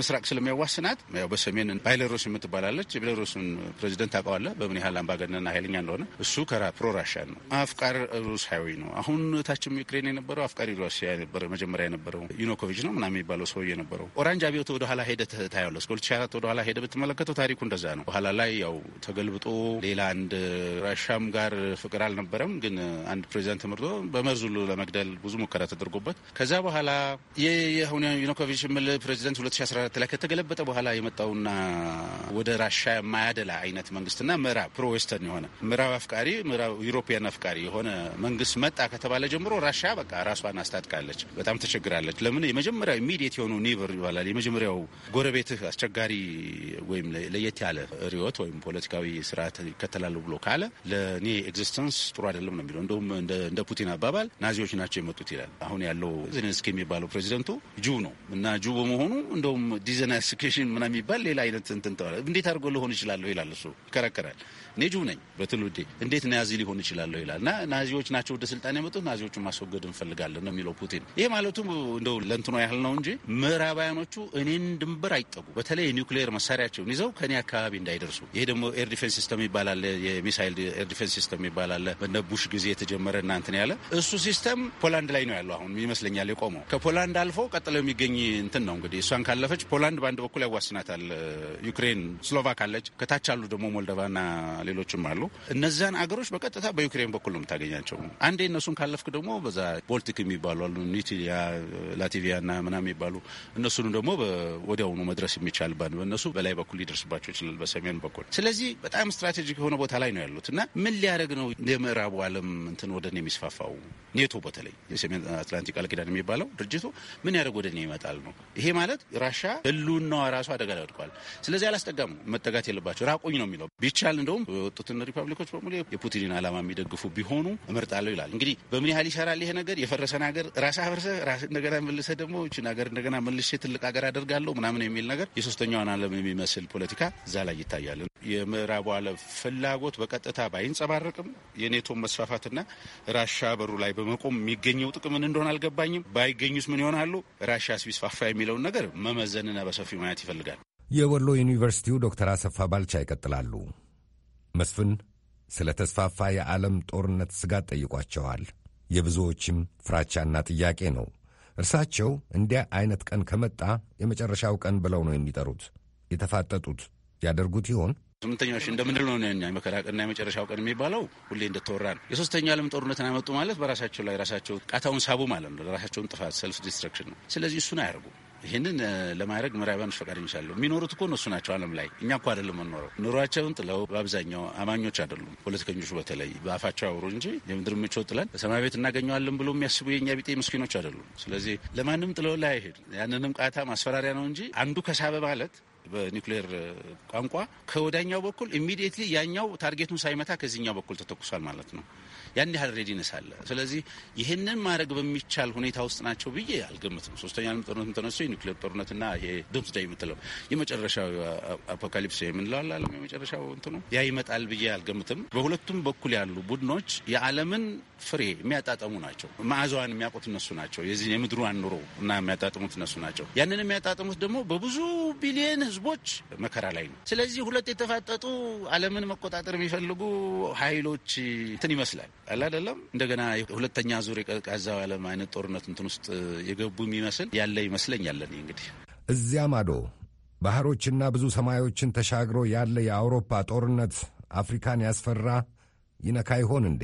ምስራቅ ስለሚያዋስናት ያው በሰሜን ባይለሮስ የምትባላለች የቤላሩስን ፕሬዚደንት ታውቀዋለህ፣ በምን ያህል አምባገነንና ኃይለኛ እንደሆነ። እሱ ከራ ፕሮራሻ ነው፣ አፍቃር ሩሳዊ ነው። አሁን ታችም ዩክሬን የነበረው አፍቃሪ ሩሲያ ነበረ መጀመሪያ የነበረው ዩኖኮቪች ነው ምናምን የሚባለው ሰው የነበረው ኦራንጅ አብዮት ወደኋላ ሄደ ታያለ እስከ 2004 ወደኋላ ሄደ ብትመለከተው ታሪኩ እንደዛ ነው። በኋላ ላይ ያው ተገልብጦ ሌላ አንድ ራሻም ጋር ፍቅር አልነበረም፣ ግን አንድ ፕሬዚደንት ተመርጦ በመርዙ ለመግደል ብዙ ሙከራ ተደርጎበት ከዛ በኋላ የሁን ዩኖኮቪች ምል ፕሬዚደንት 2014 መሰረት ላይ ከተገለበጠ በኋላ የመጣውና ወደ ራሻ የማያደላ አይነት መንግስትና ምዕራብ ፕሮ ዌስተርን የሆነ ምዕራብ አፍቃሪ ምዕራብ ዩሮፒያን አፍቃሪ የሆነ መንግስት መጣ ከተባለ ጀምሮ ራሻ በቃ ራሷን አስታጥቃለች። በጣም ተቸግራለች። ለምን የመጀመሪያ ኢሚዲየት የሆኑ ኒቨር ይባላል የመጀመሪያው ጎረቤትህ አስቸጋሪ ወይም ለየት ያለ ሪዮት ወይም ፖለቲካዊ ስርዓት ይከተላሉ ብሎ ካለ ለእኔ ኤግዚስተንስ ጥሩ አይደለም ነው የሚለው። እንደውም እንደ ፑቲን አባባል ናዚዎች ናቸው የመጡት ይላል። አሁን ያለው ዜሌንስኪ የሚባለው ፕሬዚደንቱ ጁ ነው እና ጁ በመሆኑ እንደውም ዲዘናስኬሽን ምና የሚባል ሌላ አይነት እንትን ተባለ። እንዴት አድርጎ ልሆን እችላለሁ ይላል እሱ ይከረከራል። እኔ ጁ ነኝ በትውልዴ እንዴት ናዚ ሊሆን እችላለሁ ይላል። እና ናዚዎች ናቸው ወደ ስልጣን የመጡት ናዚዎቹን ማስወገድ እንፈልጋለን ነው የሚለው ፑቲን። ይህ ማለቱ እንደው ለንትኖ ያህል ነው እንጂ ምዕራባያኖቹ እኔን ድንበር አይጠጉ፣ በተለይ የኒውክሌር መሳሪያቸውን ይዘው ከኔ አካባቢ እንዳይደርሱ። ይሄ ደግሞ ኤር ዲፌንስ ሲስተም ይባላል፣ የሚሳይል ኤር ዲፌንስ ሲስተም ይባላል። በነ ቡሽ ጊዜ የተጀመረ እናንትን ያለ እሱ ሲስተም ፖላንድ ላይ ነው ያለው አሁን ይመስለኛል የቆመው። ከፖላንድ አልፎ ቀጥለው የሚገኝ እንትን ነው እንግዲህ እሷን ካለፈ ከሆነች ፖላንድ በአንድ በኩል ያዋስናታል። ዩክሬን ስሎቫክ አለች። ከታች አሉ ደግሞ ሞልዶቫና ሌሎችም አሉ። እነዚያን አገሮች በቀጥታ በዩክሬን በኩል ነው የምታገኛቸው። አንዴ እነሱን ካለፍክ ደግሞ በዛ ቦልቲክ የሚባሉ አሉ ላቲቪያ ና ምናምን የሚባሉ እነሱንም ደግሞ ወዲያውኑ መድረስ የሚቻል ባን በእነሱ በላይ በኩል ሊደርስባቸው ይችላል በሰሜን በኩል። ስለዚህ በጣም ስትራቴጂክ የሆነ ቦታ ላይ ነው ያሉት እና ምን ሊያደርግ ነው የምዕራቡ ዓለም እንትን ወደ እኔ የሚስፋፋው ኔቶ በተለይ የሰሜን አትላንቲክ ቃል ኪዳን የሚባለው ድርጅቱ ምን ያደርግ ወደ እኔ ይመጣል ነው ይሄ ማለት ራሻ ህልውናዋ ራሱ አደጋ ላይ ወድቋል። ስለዚህ አላስጠጋም፣ መጠጋት የለባቸው ራቁኝ ነው የሚለው ቢቻል እንደውም የወጡትን ሪፐብሊኮች በሙሉ የፑቲንን ዓላማ የሚደግፉ ቢሆኑ እመርጣለሁ ይላል። እንግዲህ በምን ያህል ይሰራል ይሄ ነገር? የፈረሰን ሀገር ራስ አፍርሰህ ራስህ እንደገና መልሰህ ደግሞ ይህችን ሀገር እንደገና መልሼ ትልቅ ሀገር አደርጋለሁ ምናምን የሚል ነገር የሶስተኛውን አለም የሚመስል ፖለቲካ እዛ ላይ ይታያል። የምዕራቡ ዓለም ፍላጎት በቀጥታ ባይንጸባረቅም የኔቶ መስፋፋትና ራሻ በሩ ላይ በመቆም የሚገኘው ጥቅምን እንደሆነ አልገባኝም። ባይገኙስ ምን ይሆናሉ? ራሻስ ቢስፋፋ የሚለውን ነገር መመዘ በዘንና በሰፊው ማየት ይፈልጋል። የወሎ ዩኒቨርሲቲው ዶክተር አሰፋ ባልቻ ይቀጥላሉ። መስፍን ስለ ተስፋፋ የዓለም ጦርነት ስጋት ጠይቋቸዋል። የብዙዎችም ፍራቻና ጥያቄ ነው። እርሳቸው እንዲያ አይነት ቀን ከመጣ የመጨረሻው ቀን ብለው ነው የሚጠሩት። የተፋጠጡት ያደርጉት ይሆን? ስምንተኛዎች እንደምንድል ነው መከራ ቀንና የመጨረሻው ቀን የሚባለው ሁሌ እንደተወራ ነው። የሶስተኛ ዓለም ጦርነትን አመጡ ማለት በራሳቸው ላይ ራሳቸው ቃታውን ሳቡ ማለት ነው። ለራሳቸውን ጥፋት ሰልፍ ዲስትራክሽን ነው። ስለዚህ እሱን አያደርጉም። ይህንን ለማድረግ ምዕራባውያን ፈቃድ አሉ። የሚኖሩት እኮ እነሱ ናቸው ዓለም ላይ እኛ እኮ አይደለም የምንኖረው። ኑሯቸውን ጥለው በአብዛኛው አማኞች አይደሉም። ፖለቲከኞቹ በተለይ በአፋቸው አውሩ እንጂ የምድር ምቾት ጥለን በሰማይ ቤት እናገኘዋለን ብሎ የሚያስቡ የእኛ ቢጤ ምስኪኖች አይደሉም። ስለዚህ ለማንም ጥለው ላይ አይሄዱ። ያንንም ቃታ ማስፈራሪያ ነው እንጂ አንዱ ከሳበ ማለት በኒውክሌር ቋንቋ ከወዳኛው በኩል ኢሚዲየትሊ ያኛው ታርጌቱን ሳይመታ ከዚህኛው በኩል ተተኩሷል ማለት ነው። ያን ያህል ሬዲነስ አለ። ስለዚህ ይህንን ማድረግ በሚቻል ሁኔታ ውስጥ ናቸው ብዬ አልገምትም። ሶስተኛ ዓለም ጦርነት ተነሱ የኒክሌር ጦርነትና ይሄ ዳይ የምትለው የመጨረሻው አፖካሊፕስ የምንለዋል አለም የመጨረሻው እንትኑ ያ ይመጣል ብዬ አልገምትም። በሁለቱም በኩል ያሉ ቡድኖች የዓለምን ፍሬ የሚያጣጠሙ ናቸው። መዓዛዋን የሚያውቁት እነሱ ናቸው። የዚህ የምድሯን ኑሮ እና የሚያጣጥሙት እነሱ ናቸው። ያንን የሚያጣጥሙት ደግሞ በብዙ ቢሊየን ህዝቦች መከራ ላይ ነው። ስለዚህ ሁለት የተፋጠጡ ዓለምን መቆጣጠር የሚፈልጉ ኃይሎች እንትን ይመስላል አለ አይደለም እንደገና ሁለተኛ ዙር የቀዝቃዛው ዓለም አይነት ጦርነት እንትን ውስጥ የገቡ የሚመስል ያለ ይመስለኛለን። እንግዲህ እዚያ ማዶ ባህሮችና ብዙ ሰማዮችን ተሻግሮ ያለ የአውሮፓ ጦርነት አፍሪካን ያስፈራ ይነካ ይሆን እንዴ?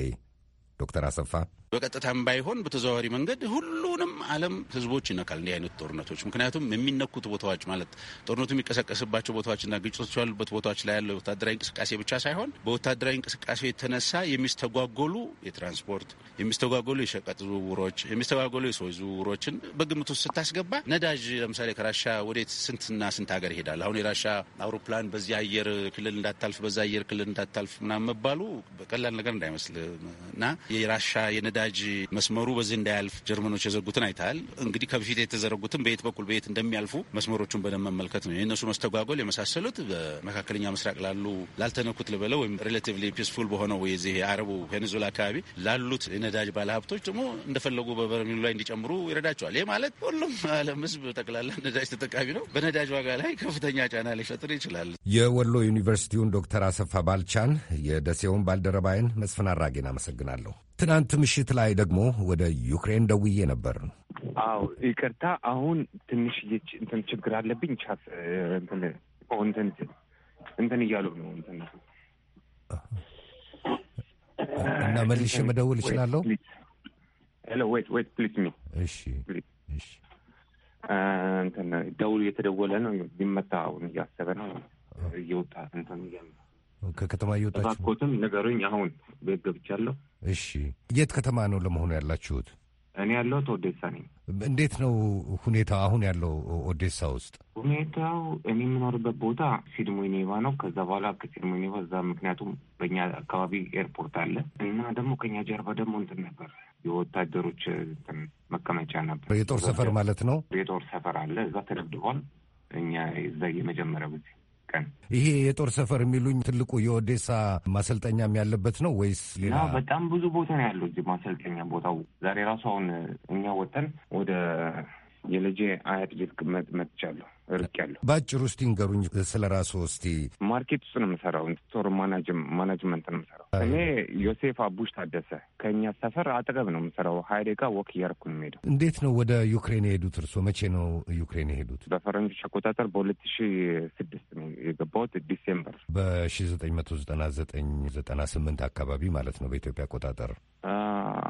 ዶክተር አሰፋ በቀጥታም ባይሆን በተዘዋዋሪ መንገድ ሁሉንም ዓለም ህዝቦች ይነካል እንዲህ አይነት ጦርነቶች። ምክንያቱም የሚነኩት ቦታዎች ማለት ጦርነቱ የሚቀሰቀስባቸው ቦታዎችና ግጭቶች ያሉበት ቦታዎች ላይ ያለው ወታደራዊ እንቅስቃሴ ብቻ ሳይሆን በወታደራዊ እንቅስቃሴ የተነሳ የሚስተጓጎሉ የትራንስፖርት የሚስተጓጎሉ የሸቀጥ ዝውውሮች፣ የሚስተጓጎሉ የሰዎች ዝውውሮችን በግምት ውስጥ ስታስገባ ነዳጅ ለምሳሌ ከራሻ ወዴት ስንትና ስንት ሀገር ይሄዳል? አሁን የራሻ አውሮፕላን በዚህ አየር ክልል እንዳታልፍ፣ በዛ አየር ክልል እንዳታልፍ ምናምን መባሉ በቀላል ነገር እንዳይመስል እና የራሻ የነዳ የነዳጅ መስመሩ በዚህ እንዳያልፍ ጀርመኖች የዘጉትን አይተሃል። እንግዲህ ከበፊት የተዘረጉትን በየት በኩል በየት እንደሚያልፉ መስመሮቹን በደንብ መመልከት ነው። የእነሱ መስተጓጎል የመሳሰሉት በመካከለኛ ምስራቅ ላሉ ላልተነኩት ልበለው ወይም ሪሌቲቭሊ ፒስፉል በሆነው የዚህ የአረቡ ፔኒንሱላ አካባቢ ላሉት የነዳጅ ባለሀብቶች ደግሞ እንደፈለጉ በበርሚሉ ላይ እንዲጨምሩ ይረዳቸዋል። ይህ ማለት ሁሉም ዓለም ህዝብ ጠቅላላ ነዳጅ ተጠቃሚ ነው። በነዳጅ ዋጋ ላይ ከፍተኛ ጫና ሊፈጥር ይችላል። የወሎ ዩኒቨርሲቲውን ዶክተር አሰፋ ባልቻን የደሴውን ባልደረባይን መስፍን አራጌን አመሰግናለሁ። ትናንት ምሽት ላይ ደግሞ ወደ ዩክሬን ደውዬ ነበር። አዎ ይቅርታ፣ አሁን ትንሽ እንትን ችግር አለብኝ። ቻት እንትን እንትን እያሉ ነው እንትን እና መልሼ መደውል እችላለሁ። ሄሎ ዌት ዌት ፕሊዝ ሚ እሺ፣ እሺ እንትን ደውል እየተደወለ ነው ሊመታ አሁን እያሰበ ነው እየወጣ እንትን እያ ከከተማ እየወጣችሁ ኮትም ንገሩኝ። አሁን ቤት ገብቻለሁ። እሺ፣ የት ከተማ ነው ለመሆኑ ያላችሁት? እኔ ያለሁት ኦዴሳ ነኝ። እንዴት ነው ሁኔታ አሁን ያለው ኦዴሳ ውስጥ? ሁኔታው እኔ የምኖርበት ቦታ ሲድሞኔቫ ነው። ከዛ በኋላ ከሲድሞኔቫ እዛ ምክንያቱም በእኛ አካባቢ ኤርፖርት አለ እና ደግሞ ከኛ ጀርባ ደግሞ እንትን ነበር የወታደሮች መቀመጫ ነበር። የጦር ሰፈር ማለት ነው። የጦር ሰፈር አለ እዛ ተደብድቧል። እኛ እዛ የመጀመሪያ ጊዜ ቀን ይሄ የጦር ሰፈር የሚሉኝ ትልቁ የኦዴሳ ማሰልጠኛም ያለበት ነው ወይስ ሌላ? በጣም ብዙ ቦታ ነው ያለው እዚህ ማሰልጠኛ ቦታው። ዛሬ ራሱ አሁን እኛ ወጠን ወደ የልጄ አያት ቤት መጥቻለሁ። ርቄያለሁ። በአጭሩ እስቲ ንገሩኝ ስለ ራሱ እስቲ። ማርኬት ውስጥ ነው የምሰራው፣ ስቶር ማናጅመንት ነው የምሰራው። እኔ ዮሴፍ አቡሽ ታደሰ ከእኛ ሰፈር አጠገብ ነው የምሰራው። ሀይሌ ጋር ወክ እያደረኩ ነው የምሄደው። እንዴት ነው ወደ ዩክሬን የሄዱት እርሶ? መቼ ነው ዩክሬን የሄዱት? በፈረንጆች አቆጣጠር በሁለት ሺ ስድስት ነው የገባሁት ዲሴምበር በሺ ዘጠኝ መቶ ዘጠና ዘጠኝ ዘጠና ስምንት አካባቢ ማለት ነው በኢትዮጵያ አቆጣጠር።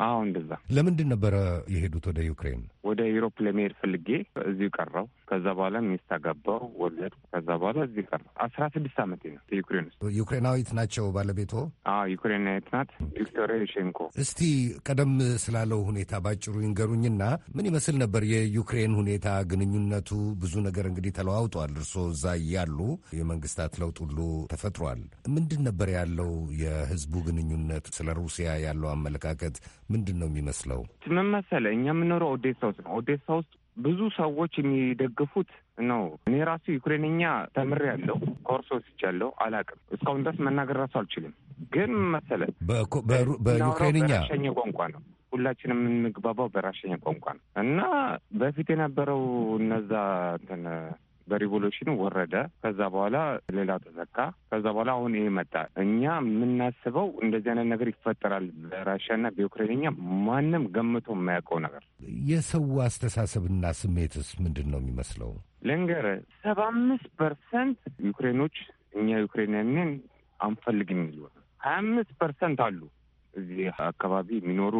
አዎ እንደዛ። ለምንድን ነበረ የሄዱት ወደ ዩክሬን? ወደ ዩሮፕ ለመሄድ ፈልጌ እዚሁ ቀረው። ከዛ በኋላ ሚስ ተጋባው፣ ወለድ፣ ከዛ በኋላ እዚህ ቀር አስራ ስድስት ዓመቴ ነው ዩክሬን ውስጥ። ዩክሬናዊት ናቸው ባለቤቶ? አዎ ዩክሬናዊት ናት። ቪክቶሪያ ሼንኮ። እስቲ ቀደም ስላለው ሁኔታ ባጭሩ ይንገሩኝና ምን ይመስል ነበር የዩክሬን ሁኔታ ግንኙነቱ? ብዙ ነገር እንግዲህ ተለዋውጧል። እርስዎ እዛ ያሉ የመንግስታት ለውጥ ሁሉ ተፈጥሯል። ምንድን ነበር ያለው የህዝቡ ግንኙነት? ስለ ሩሲያ ያለው አመለካከት ምንድን ነው የሚመስለው? ምን መሰለህ፣ እኛ የምኖረው ኦዴሳ ውስጥ ነው። ኦዴሳ ውስጥ ብዙ ሰዎች የሚደግፉት ነው። እኔ ራሱ ዩክሬንኛ ተምሬያለሁ፣ ኮርስ ወስጃለሁ። አላውቅም እስካሁን ድረስ መናገር ራሱ አልችልም። ግን መሰለ በዩክሬንኛ ሸኝ ቋንቋ ነው ሁላችንም የምንግባባው በራሽኛ ቋንቋ ነው እና በፊት የነበረው እነዛ እንትን በሪቮሉሽኑ ወረደ። ከዛ በኋላ ሌላ ተዘካ። ከዛ በኋላ አሁን ይሄ መጣ። እኛ የምናስበው እንደዚህ አይነት ነገር ይፈጠራል በራሽያና በዩክሬንኛ ማንም ገምቶ የማያውቀው ነገር። የሰው አስተሳሰብና ስሜትስ ምንድን ነው የሚመስለው? ልንገር ሰባ አምስት ፐርሰንት ዩክሬኖች እኛ ዩክሬንያንን አንፈልግም የሚሉ ሀያ አምስት ፐርሰንት አሉ እዚህ አካባቢ የሚኖሩ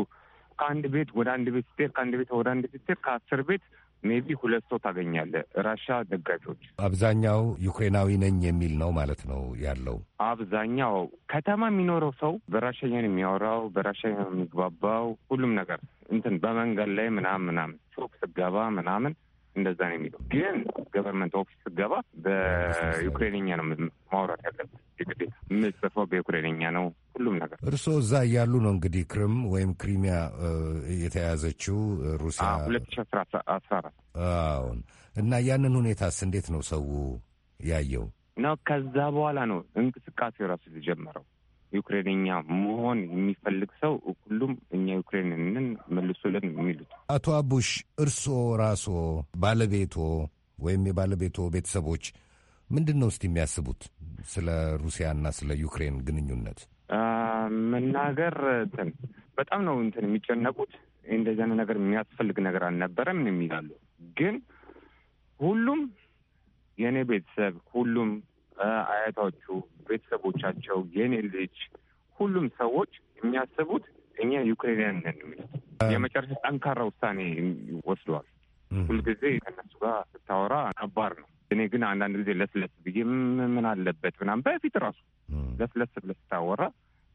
ከአንድ ቤት ወደ አንድ ቤት ስትሄድ ከአንድ ቤት ወደ አንድ ስትሄድ ከአስር ቤት ሜቢ ሁለት ሰው ታገኛለህ። ራሻ ደጋፊዎች አብዛኛው ዩክሬናዊ ነኝ የሚል ነው ማለት ነው ያለው። አብዛኛው ከተማ የሚኖረው ሰው በራሻኛ ነው የሚያወራው፣ በራሻኛ ነው የሚግባባው። ሁሉም ነገር እንትን በመንገድ ላይ ምናምን ምናምን ሱቅ ስገባ ምናምን እንደዛ ነው የሚለው። ግን ገቨርንመንት ኦፊስ ስገባ በዩክሬንኛ ነው ማውራት ያለበት። የምጽፈው በዩክሬንኛ ነው ሁሉም ነገር። እርስዎ እዛ እያሉ ነው እንግዲህ ክርም ወይም ክሪሚያ የተያዘችው ሩሲያ ሁለት ሺ አስራ አራት አሁን እና ያንን ሁኔታስ እንዴት ነው ሰው ያየው? ነው ከዛ በኋላ ነው እንቅስቃሴ ራሱ የተጀመረው ዩክሬንኛ መሆን የሚፈልግ ሰው ሁሉም እኛ ዩክሬንንን መልሱልን የሚሉት። አቶ አቡሽ እርስዎ ራስዎ ባለቤቶ ወይም የባለቤቶ ቤተሰቦች ምንድን ነው እስቲ የሚያስቡት ስለ ሩሲያና ስለ ዩክሬን ግንኙነት? መናገር እንትን በጣም ነው እንትን የሚጨነቁት። እንደዚያ ነገር የሚያስፈልግ ነገር አልነበረም የሚላሉ ግን ሁሉም የእኔ ቤተሰብ ሁሉም አያቶቹ፣ ቤተሰቦቻቸው፣ የኔ ልጅ ሁሉም ሰዎች የሚያስቡት እኛ ዩክሬንያን ነን የሚል የመጨረሻ ጠንካራ ውሳኔ ወስደዋል። ሁልጊዜ ከነሱ ጋር ስታወራ ነባር ነው። እኔ ግን አንዳንድ ጊዜ ለስለስ ብዬ ምን አለበት ምናምን በፊት ራሱ ለስለስ ብለህ ስታወራ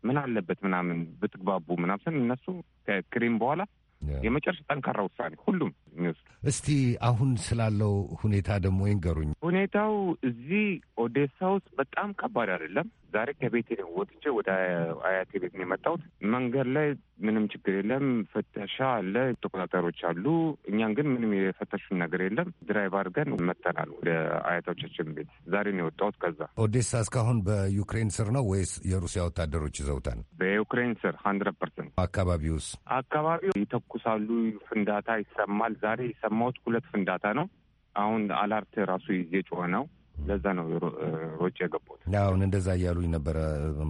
ምን አለበት ምናምን ብትግባቡ ምናምን ስን እነሱ ከክሬም በኋላ የመጨረሻ ጠንካራ ውሳኔ ሁሉም እስቲ አሁን ስላለው ሁኔታ ደግሞ ይንገሩኝ። ሁኔታው እዚህ ኦዴሳ ውስጥ በጣም ከባድ አይደለም። ዛሬ ከቤት ወጥቼ ወደ አያቴ ቤት ነው የመጣሁት። መንገድ ላይ ምንም ችግር የለም። ፍተሻ አለ፣ ተቆጣጠሮች አሉ። እኛን ግን ምንም የፈተሹን ነገር የለም። ድራይቭ አድርገን መተናል ወደ አያቶቻችን ቤት። ዛሬ ነው የወጣሁት። ከዛ ኦዴሳ እስካሁን በዩክሬን ስር ነው ወይስ የሩሲያ ወታደሮች ይዘውታል? በዩክሬን ስር ሀንድረድ ፐርሰንት። አካባቢውስ? አካባቢው ይተኩሳሉ፣ ፍንዳታ ይሰማል። ዛሬ የሰማሁት ሁለት ፍንዳታ ነው። አሁን አላርት ራሱ ይዜ ጮኸ ነው። ለዛ ነው ሮጭ የገባሁት። አሁን እንደዛ እያሉ ነበረ።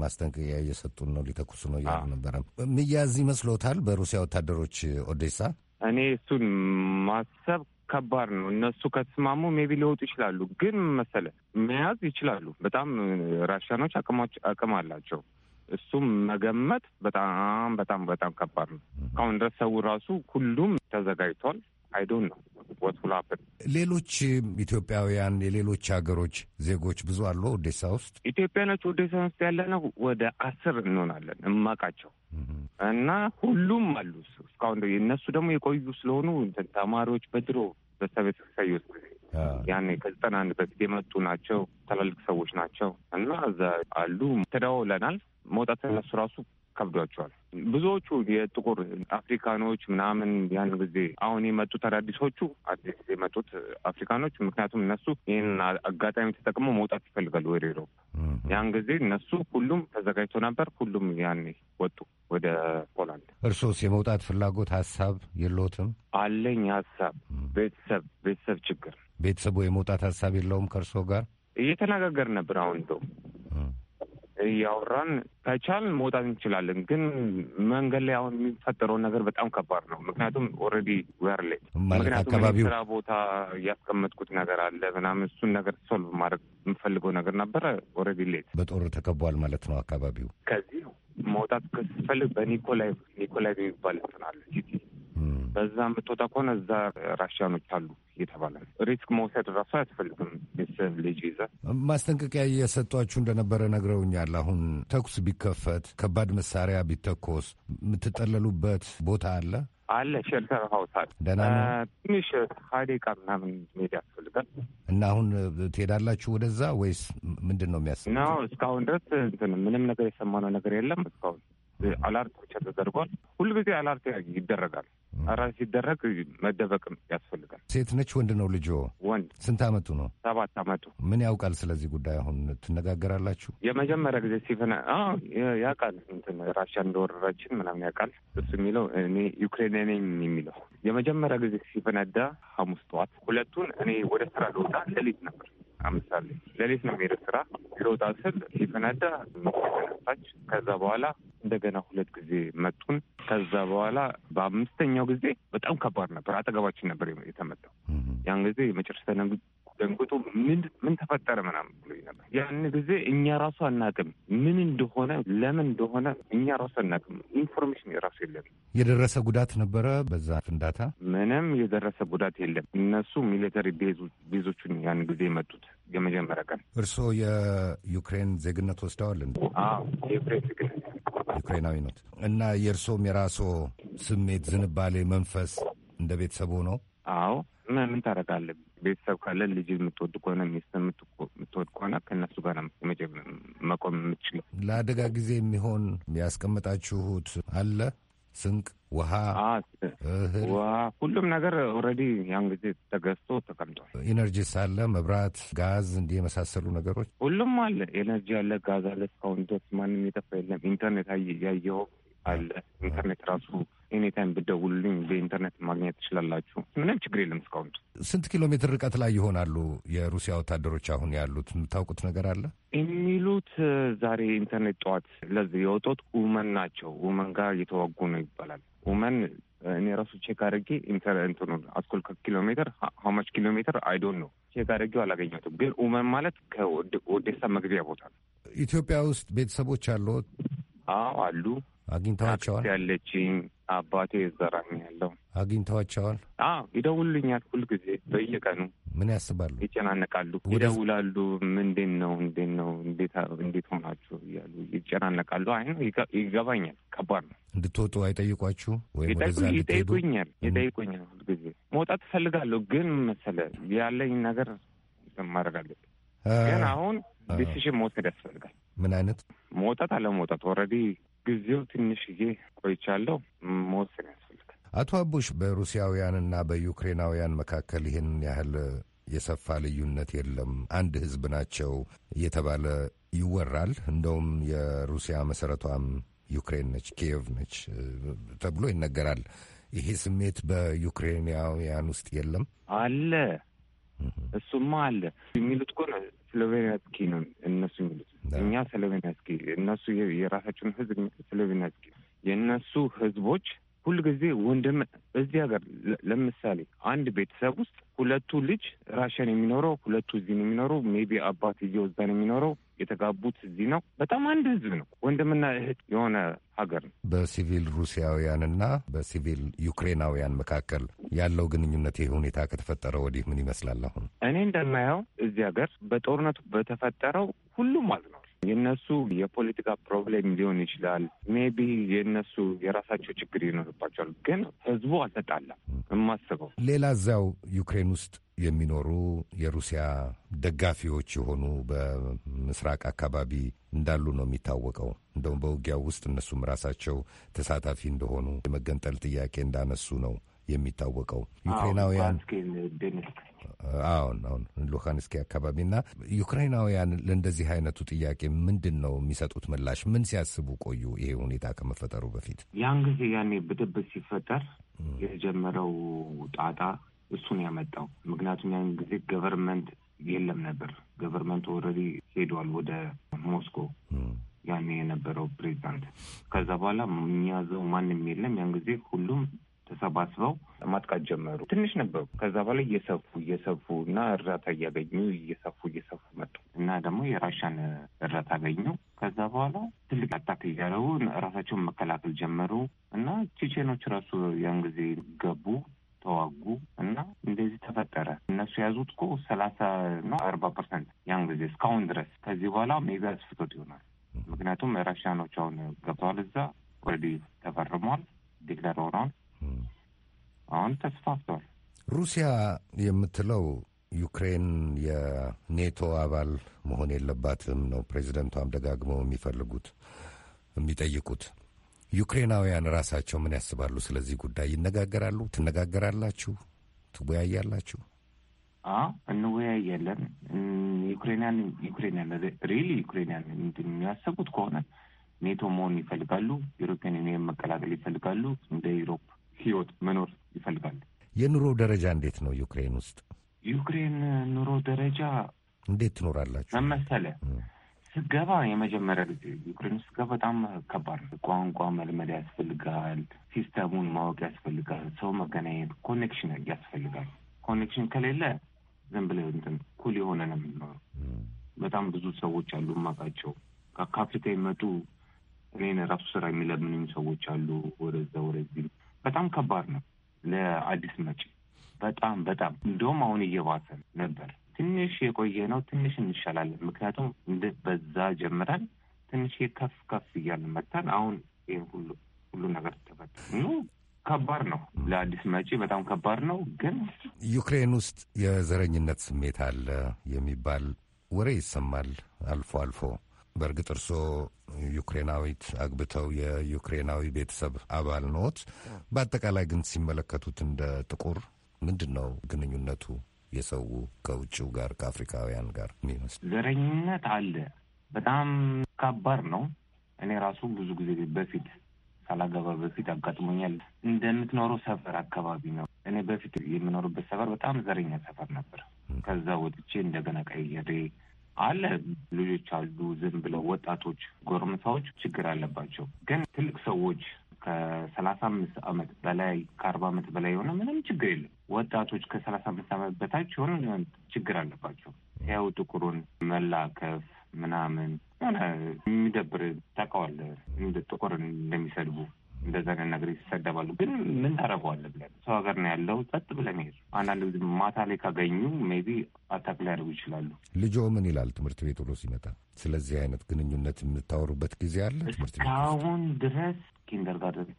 ማስጠንቀቂያ እየሰጡን ነው፣ ሊተኩሱ ነው እያሉ ነበረ። ሚያዝ ይመስሎታል በሩሲያ ወታደሮች ኦዴሳ? እኔ እሱን ማሰብ ከባድ ነው። እነሱ ከተስማሙ ሜቢ ሊወጡ ይችላሉ፣ ግን መሰለ መያዝ ይችላሉ። በጣም ራሽያኖች አቅም አላቸው። እሱም መገመት በጣም በጣም በጣም ከባድ ነው። እስካሁን ድረስ ሰው ራሱ ሁሉም ተዘጋጅቷል። አይዶን ነው ወት ወትላፍን ሌሎች ኢትዮጵያውያን የሌሎች ሀገሮች ዜጎች ብዙ አሉ። ኦዴሳ ውስጥ ኢትዮጵያኖች ኦዴሳ ውስጥ ያለ ነው ወደ አስር እንሆናለን እማቃቸው እና ሁሉም አሉ እስካሁን እነሱ ደግሞ የቆዩ ስለሆኑ ተማሪዎች በድሮ በሰቤት ሰዩት ያኔ ከዘጠና አንድ በፊት የመጡ ናቸው። ትላልቅ ሰዎች ናቸው እና እዛ አሉ። ተደዋውለናል መውጣት እነሱ ራሱ ከብዷቸዋል። ብዙዎቹ የጥቁር አፍሪካኖች ምናምን ያን ጊዜ አሁን የመጡት አዳዲሶቹ አዲስ የመጡት አፍሪካኖች ምክንያቱም እነሱ ይህን አጋጣሚ ተጠቅመው መውጣት ይፈልጋሉ ወደ ሮ ያን ጊዜ እነሱ ሁሉም ተዘጋጅቶ ነበር። ሁሉም ያኔ ወጡ ወደ ፖላንድ። እርሶስ የመውጣት ፍላጎት ሀሳብ የለዎትም? አለኝ ሀሳብ ቤተሰብ ቤተሰብ ችግር ቤተሰቡ የመውጣት ሀሳብ የለውም። ከእርሶ ጋር እየተነጋገር ነበር አሁን እንደውም እያወራን ከቻል መውጣት እንችላለን። ግን መንገድ ላይ አሁን የሚፈጠረውን ነገር በጣም ከባድ ነው። ምክንያቱም ኦልሬዲ ዌር ላይ ምክንያቱም ስራ ቦታ ያስቀመጥኩት ነገር አለ ምናምን፣ እሱን ነገር ሶልቭ ማድረግ የምፈልገው ነገር ነበረ። ኦልሬዲ ሌት፣ በጦር ተከቧል ማለት ነው አካባቢው። ከዚህ መውጣት ከስፈልግ በኒኮላይ ኒኮላይ የሚባል እንትን አለ ሲቲ በዛ የምትወጣ ከሆነ እዛ ራሽያኖች አሉ እየተባለ ነው። ሪስክ መውሰድ ራሱ አያስፈልግም። ቤተሰብ ልጅ ይዘ ማስጠንቀቂያ እየሰጧችሁ እንደነበረ ነግረውኛል። አሁን ተኩስ ቢከፈት ከባድ መሳሪያ ቢተኮስ የምትጠለሉበት ቦታ አለ አለ ሸልተር ሀውስ አለ። ደህና ነው። ትንሽ ሀዴቃ ምናምን መሄድ ያስፈልጋል። እና አሁን ትሄዳላችሁ ወደዛ ወይስ ምንድን ነው የሚያስ ነው? እስካሁን ድረስ ምንም ነገር የሰማነው ነገር የለም እስካሁን አላርት ብቻ ተደርጓል። ሁልጊዜ አላርት ይደረጋል። አራት ሲደረግ መደበቅም ያስፈልጋል። ሴት ነች ወንድ ነው ልጆ? ወንድ። ስንት አመቱ ነው? ሰባት አመቱ። ምን ያውቃል ስለዚህ ጉዳይ? አሁን ትነጋገራላችሁ? የመጀመሪያ ጊዜ ሲፈና ያውቃል፣ እንትን ራሻ እንደወረረችን ምናምን ያውቃል። እሱ የሚለው እኔ ዩክሬን ነኝ የሚለው የመጀመሪያ ጊዜ ሲፈነዳ ሐሙስ ጠዋት ሁለቱን እኔ ወደ ስራ ልወጣ ሌሊት ነበር አምሳለ ሌሊት ነው የሚሄደው ስራ ልወጣ ስል ሲፈነዳ ተነሳች። ከዛ በኋላ እንደገና ሁለት ጊዜ መጡን። ከዛ በኋላ በአምስተኛው ጊዜ በጣም ከባድ ነበር፣ አጠገባችን ነበር የተመጣው። ያን ጊዜ የመጨረሻ ደንግጦ ምን ምን ተፈጠረ ምናምን ብሎ ነበር። ያን ጊዜ እኛ ራሱ አናቅም ምን እንደሆነ ለምን እንደሆነ እኛ ራሱ አናቅም። ኢንፎርሜሽን የራሱ የለም። የደረሰ ጉዳት ነበረ በዛ ፍንዳታ? ምንም የደረሰ ጉዳት የለም። እነሱ ሚሊተሪ ቤዞቹን ያን ጊዜ የመጡት የመጀመሪያ ቀን። እርስዎ የዩክሬን ዜግነት ወስደዋል? የዩክሬን ዜግነት ዩክሬናዊ ነት እና የእርስዎም የራስዎ ስሜት፣ ዝንባሌ፣ መንፈስ እንደ ቤተሰቡ ነው? አዎ ምን ታደርጋለህ? ቤተሰብ ካለ ልጅ የምትወድ ከሆነ ሚስት የምትወድ ከሆነ ከእነሱ ጋር መቆም የምትችለው። ለአደጋ ጊዜ የሚሆን ያስቀመጣችሁት አለ? ስንቅ፣ ውሃ፣ ውሃ ሁሉም ነገር ኦልሬዲ ያን ጊዜ ተገዝቶ ተቀምጧል። ኢነርጂስ አለ፣ መብራት፣ ጋዝ እንዲህ የመሳሰሉ ነገሮች ሁሉም አለ። ኤነርጂ አለ፣ ጋዝ አለ። እስካሁን ድረስ ማንም የጠፋ የለም። ኢንተርኔት ያየው አለ። ኢንተርኔት ራሱ ኤኒታይም ብደውሉልኝ በኢንተርኔት ማግኘት ትችላላችሁ። ምንም ችግር የለም። እስካሁን ስንት ኪሎ ሜትር ርቀት ላይ ይሆናሉ የሩሲያ ወታደሮች አሁን ያሉት? የምታውቁት ነገር አለ የሚሉት ዛሬ ኢንተርኔት ጠዋት ለዚህ የወጡት ውመን ናቸው። ውመን ጋር እየተዋጉ ነው ይባላል። ውመን እኔ ራሱ ቼክ አድርጌ ኢንተርኔትኑ አስኮል ኪሎ ሜትር ሀማች ኪሎ ሜትር አይዶን ነው ቼክ አድርጌው አላገኘሁትም። ግን ውመን ማለት ከኦዴሳ መግቢያ ቦታ ነው። ኢትዮጵያ ውስጥ ቤተሰቦች አለዎት? አዎ አሉ። አግኝተዋቸዋል? ያለችኝ አባቴ የዘራኝ ያለው አግኝተዋቸዋል? አዎ ይደውሉልኛል። ሁልጊዜ በየቀኑ ምን ያስባሉ? ይጨናነቃሉ፣ ይደውላሉ። ምንድን ነው እንዴት ነው እንዴት ሆናችሁ እያሉ ይጨናነቃሉ። አይ ይገባኛል። ከባድ ነው። እንድትወጡ አይጠይቋችሁ ወይም ይጠይቁኛል፣ ይጠይቁኛል። ሁልጊዜ መውጣት እፈልጋለሁ፣ ግን መሰለ ያለኝ ነገር ማድረግ አለብኝ። ግን አሁን ዲሲሽን መውሰድ ያስፈልጋል። ምን አይነት መውጣት አለመውጣት ኦልሬዲ ጊዜው ትንሽ ጊዜ ቆይቻለሁ። መወሰን ያስፈልጋል። አቶ አቡሽ በሩሲያውያንና በዩክሬናውያን መካከል ይህንን ያህል የሰፋ ልዩነት የለም፣ አንድ ህዝብ ናቸው እየተባለ ይወራል። እንደውም የሩሲያ መሰረቷም ዩክሬን ነች፣ ኪየቭ ነች ተብሎ ይነገራል። ይሄ ስሜት በዩክሬናውያን ውስጥ የለም አለ። እሱማ አለ የሚሉት እኮ ስሎቬኒያስኪ ነው እነሱ የሚሉት። እኛ ስሎቬኒያስኪ፣ እነሱ የራሳቸውን ህዝብ ስሎቬኒያስኪ የእነሱ ህዝቦች ሁልጊዜ ጊዜ ወንድም እዚህ ሀገር ለምሳሌ አንድ ቤተሰብ ውስጥ ሁለቱ ልጅ ራሽን የሚኖረው ሁለቱ እዚህ ነው የሚኖረው። ሜቢ አባት እዚያው ነው የሚኖረው። የተጋቡት እዚህ ነው። በጣም አንድ ህዝብ ነው። ወንድምና እህት የሆነ ሀገር ነው። በሲቪል ሩሲያውያንና በሲቪል ዩክሬናውያን መካከል ያለው ግንኙነት ይህ ሁኔታ ከተፈጠረ ወዲህ ምን ይመስላል? አሁን እኔ እንደማየው እዚህ ሀገር በጦርነቱ በተፈጠረው ሁሉም አዝኗል። የነሱ የፖለቲካ ፕሮብሌም ሊሆን ይችላል። ሜቢ የነሱ የራሳቸው ችግር ይኖርባቸዋል። ግን ህዝቡ አልተጣላም የማስበው። ሌላ እዚያው ዩክሬን ውስጥ የሚኖሩ የሩሲያ ደጋፊዎች የሆኑ በምስራቅ አካባቢ እንዳሉ ነው የሚታወቀው። እንደውም በውጊያው ውስጥ እነሱም ራሳቸው ተሳታፊ እንደሆኑ የመገንጠል ጥያቄ እንዳነሱ ነው የሚታወቀው ዩክሬናውያን አሁን አሁን ሉሃንስኪ አካባቢና ዩክራይናውያን ለእንደዚህ አይነቱ ጥያቄ ምንድን ነው የሚሰጡት ምላሽ? ምን ሲያስቡ ቆዩ? ይሄ ሁኔታ ከመፈጠሩ በፊት ያን ጊዜ ያኔ ብጥብጥ ሲፈጠር የጀመረው ጣጣ እሱን ያመጣው። ምክንያቱም ያን ጊዜ ገቨርንመንት የለም ነበር። ገቨርንመንት ኦልሬዲ ሄዷል ወደ ሞስኮ ያኔ የነበረው ፕሬዚዳንት። ከዛ በኋላ የሚያዘው ማንም የለም። ያን ጊዜ ሁሉም ተሰባስበው ማጥቃት ጀመሩ። ትንሽ ነበሩ። ከዛ በላይ እየሰፉ እየሰፉ እና እርዳታ እያገኙ እየሰፉ እየሰፉ መጡ እና ደግሞ የራሻን እርዳታ አገኙ። ከዛ በኋላ ትልቅ አታክ እያደረጉ ራሳቸውን መከላከል ጀመሩ እና ቼቼኖች ራሱ ያን ጊዜ ገቡ ተዋጉ እና እንደዚህ ተፈጠረ። እነሱ የያዙት እኮ ሰላሳ ነው አርባ ፐርሰንት ያን ጊዜ እስካሁን ድረስ። ከዚህ በኋላ ሜቢ አስፍቶት ይሆናል። ምክንያቱም ራሽያኖች አሁን ገብተዋል እዛ ኦልሬዲ ተፈርሟል፣ ዲክለር ሆነዋል። አሁን ተስፋፍቷል። ሩሲያ የምትለው ዩክሬን የኔቶ አባል መሆን የለባትም ነው ፕሬዚደንቷም ደጋግመው የሚፈልጉት የሚጠይቁት። ዩክሬናውያን ራሳቸው ምን ያስባሉ? ስለዚህ ጉዳይ ይነጋገራሉ? ትነጋገራላችሁ? ትወያያላችሁ? እንወያያለን። ዩክሬንያን ዩክሬንያን ሪሊ ዩክሬንያን የሚያስቡት ከሆነ ኔቶ መሆን ይፈልጋሉ፣ ዩሮፒያን ዩኒየን መቀላቀል ይፈልጋሉ፣ እንደ ዩሮፕ ህይወት መኖር ይፈልጋሉ። የኑሮ ደረጃ እንዴት ነው ዩክሬን ውስጥ? ዩክሬን ኑሮ ደረጃ እንዴት ትኖራላችሁ መመሰለ ስገባ የመጀመሪያ ጊዜ ዩክሬን ውስጥ ስገባ በጣም ከባድ ቋንቋ መልመድ ያስፈልጋል። ሲስተሙን ማወቅ ያስፈልጋል። ሰው መገናኘት፣ ኮኔክሽን ያስፈልጋል። ኮኔክሽን ከሌለ ዝም ብለ እንትን ኩል የሆነ ነው የምንኖረው። በጣም ብዙ ሰዎች አሉ የማውቃቸው ከአፍሪካ የመጡ እኔን ራሱ ስራ የሚለምኑኝ ሰዎች አሉ ወደዛ ወደዚህ በጣም ከባድ ነው ለአዲስ መጪ በጣም በጣም እንደውም አሁን እየባሰ ነበር። ትንሽ የቆየ ነው ትንሽ እንሻላለን። ምክንያቱም በዛ ጀምረን ትንሽ ከፍ ከፍ እያለን መጥተን አሁን ይህ ሁሉ ሁሉ ነገር ተፈጠ ከባድ ነው ለአዲስ መጪ በጣም ከባድ ነው። ግን ዩክሬን ውስጥ የዘረኝነት ስሜት አለ የሚባል ወሬ ይሰማል አልፎ አልፎ በእርግጥ እርስዎ ዩክሬናዊት አግብተው የዩክሬናዊ ቤተሰብ አባል ኖት። በአጠቃላይ ግን ሲመለከቱት እንደ ጥቁር ምንድን ነው ግንኙነቱ የሰው ከውጭው ጋር ከአፍሪካውያን ጋር የሚመስል? ዘረኝነት አለ። በጣም ከባድ ነው። እኔ ራሱ ብዙ ጊዜ በፊት ሳላገባ በፊት አጋጥሞኛል። እንደምትኖረው ሰፈር አካባቢ ነው። እኔ በፊት የምኖርበት ሰፈር በጣም ዘረኛ ሰፈር ነበር። ከዛ ወጥቼ እንደገና ቀይሬ አለ። ልጆች አሉ፣ ዝም ብለው ወጣቶች፣ ጎርምሳዎች ችግር አለባቸው። ግን ትልቅ ሰዎች ከሰላሳ አምስት አመት በላይ ከአርባ አመት በላይ የሆነ ምንም ችግር የለም። ወጣቶች ከሰላሳ አምስት አመት በታች የሆነ ችግር አለባቸው። ያው ጥቁሩን መላከፍ ምናምን የሚደብር ታውቀዋለህ፣ ጥቁር እንደሚሰድቡ እንደዛ አይነት ነገር ይሰደባሉ። ግን ምን ታረገዋለ ብለን ሰው ሀገር ነው ያለው፣ ጸጥ ብለን መሄድ። አንዳንድ ጊዜ ማታ ላይ ካገኙ ሜይ ቢ አታክ ሊያደርጉ ይችላሉ። ልጆ ምን ይላል ትምህርት ቤት ሎ ሲመጣ? ስለዚህ አይነት ግንኙነት የምታወሩበት ጊዜ አለ? ትምህርት ቤት እስካሁን ድረስ ኪንደርጋርደን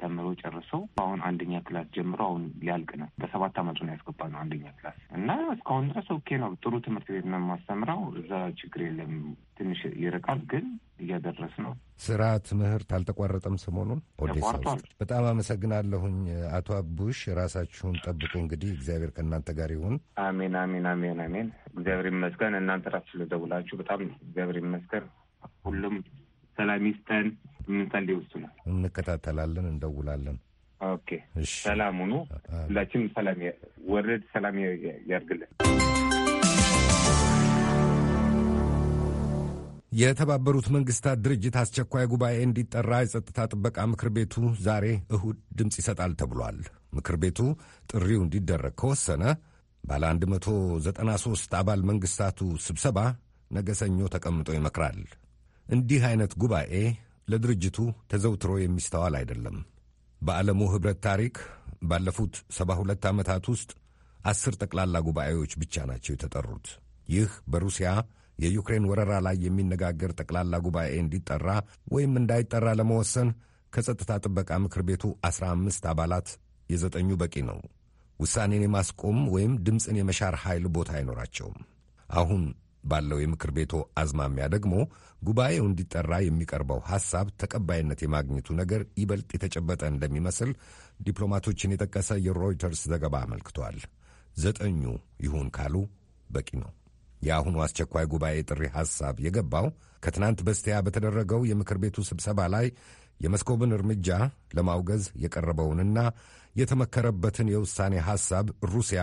ተምሮ ጨርሶ አሁን አንደኛ ክላስ ጀምሮ አሁን ሊያልቅ ነው። በሰባት አመቱ ነው ያስገባ ነው አንደኛ ክላስ እና እስካሁን ድረስ ኦኬ ነው። ጥሩ ትምህርት ቤት ነው የማስተምረው። እዛ ችግር የለም። ትንሽ ይርቃል ግን እያደረስ ነው። ስራ ትምህርት አልተቋረጠም። ሰሞኑን ኦዴሳ ውስጥ በጣም አመሰግናለሁኝ አቶ አቡሽ። ራሳችሁን ጠብቁ። እንግዲህ እግዚአብሔር ከእናንተ ጋር ይሁን። አሜን፣ አሜን፣ አሜን፣ አሜን። እግዚአብሔር ይመስገን። እናንተ ራሱ ስለደውላችሁ በጣም እግዚአብሔር ይመስገን። ሁሉም ሰላም ይስጠን። በቀጥታ እንዲወስኑ እንከታተላለን፣ እንደውላለን። ኦኬ፣ ሰላም ሁኑ። ሁላችንም ሰላም ወረድ ሰላም ያርግልን። የተባበሩት መንግስታት ድርጅት አስቸኳይ ጉባኤ እንዲጠራ የጸጥታ ጥበቃ ምክር ቤቱ ዛሬ እሁድ ድምፅ ይሰጣል ተብሏል። ምክር ቤቱ ጥሪው እንዲደረግ ከወሰነ ባለ 193 አባል መንግስታቱ ስብሰባ ነገ ሰኞ ተቀምጦ ይመክራል። እንዲህ አይነት ጉባኤ ለድርጅቱ ተዘውትሮ የሚስተዋል አይደለም። በዓለሙ ኅብረት ታሪክ ባለፉት ሰባ ሁለት ዓመታት ውስጥ አስር ጠቅላላ ጉባኤዎች ብቻ ናቸው የተጠሩት። ይህ በሩሲያ የዩክሬን ወረራ ላይ የሚነጋገር ጠቅላላ ጉባኤ እንዲጠራ ወይም እንዳይጠራ ለመወሰን ከጸጥታ ጥበቃ ምክር ቤቱ አስራ አምስት አባላት የዘጠኙ በቂ ነው። ውሳኔን የማስቆም ወይም ድምፅን የመሻር ኃይል ቦታ አይኖራቸውም። አሁን ባለው የምክር ቤቱ አዝማሚያ ደግሞ ጉባኤው እንዲጠራ የሚቀርበው ሐሳብ ተቀባይነት የማግኘቱ ነገር ይበልጥ የተጨበጠ እንደሚመስል ዲፕሎማቶችን የጠቀሰ የሮይተርስ ዘገባ አመልክቷል። ዘጠኙ ይሁን ካሉ በቂ ነው። የአሁኑ አስቸኳይ ጉባኤ ጥሪ ሐሳብ የገባው ከትናንት በስቲያ በተደረገው የምክር ቤቱ ስብሰባ ላይ የመስኮብን እርምጃ ለማውገዝ የቀረበውንና የተመከረበትን የውሳኔ ሐሳብ ሩሲያ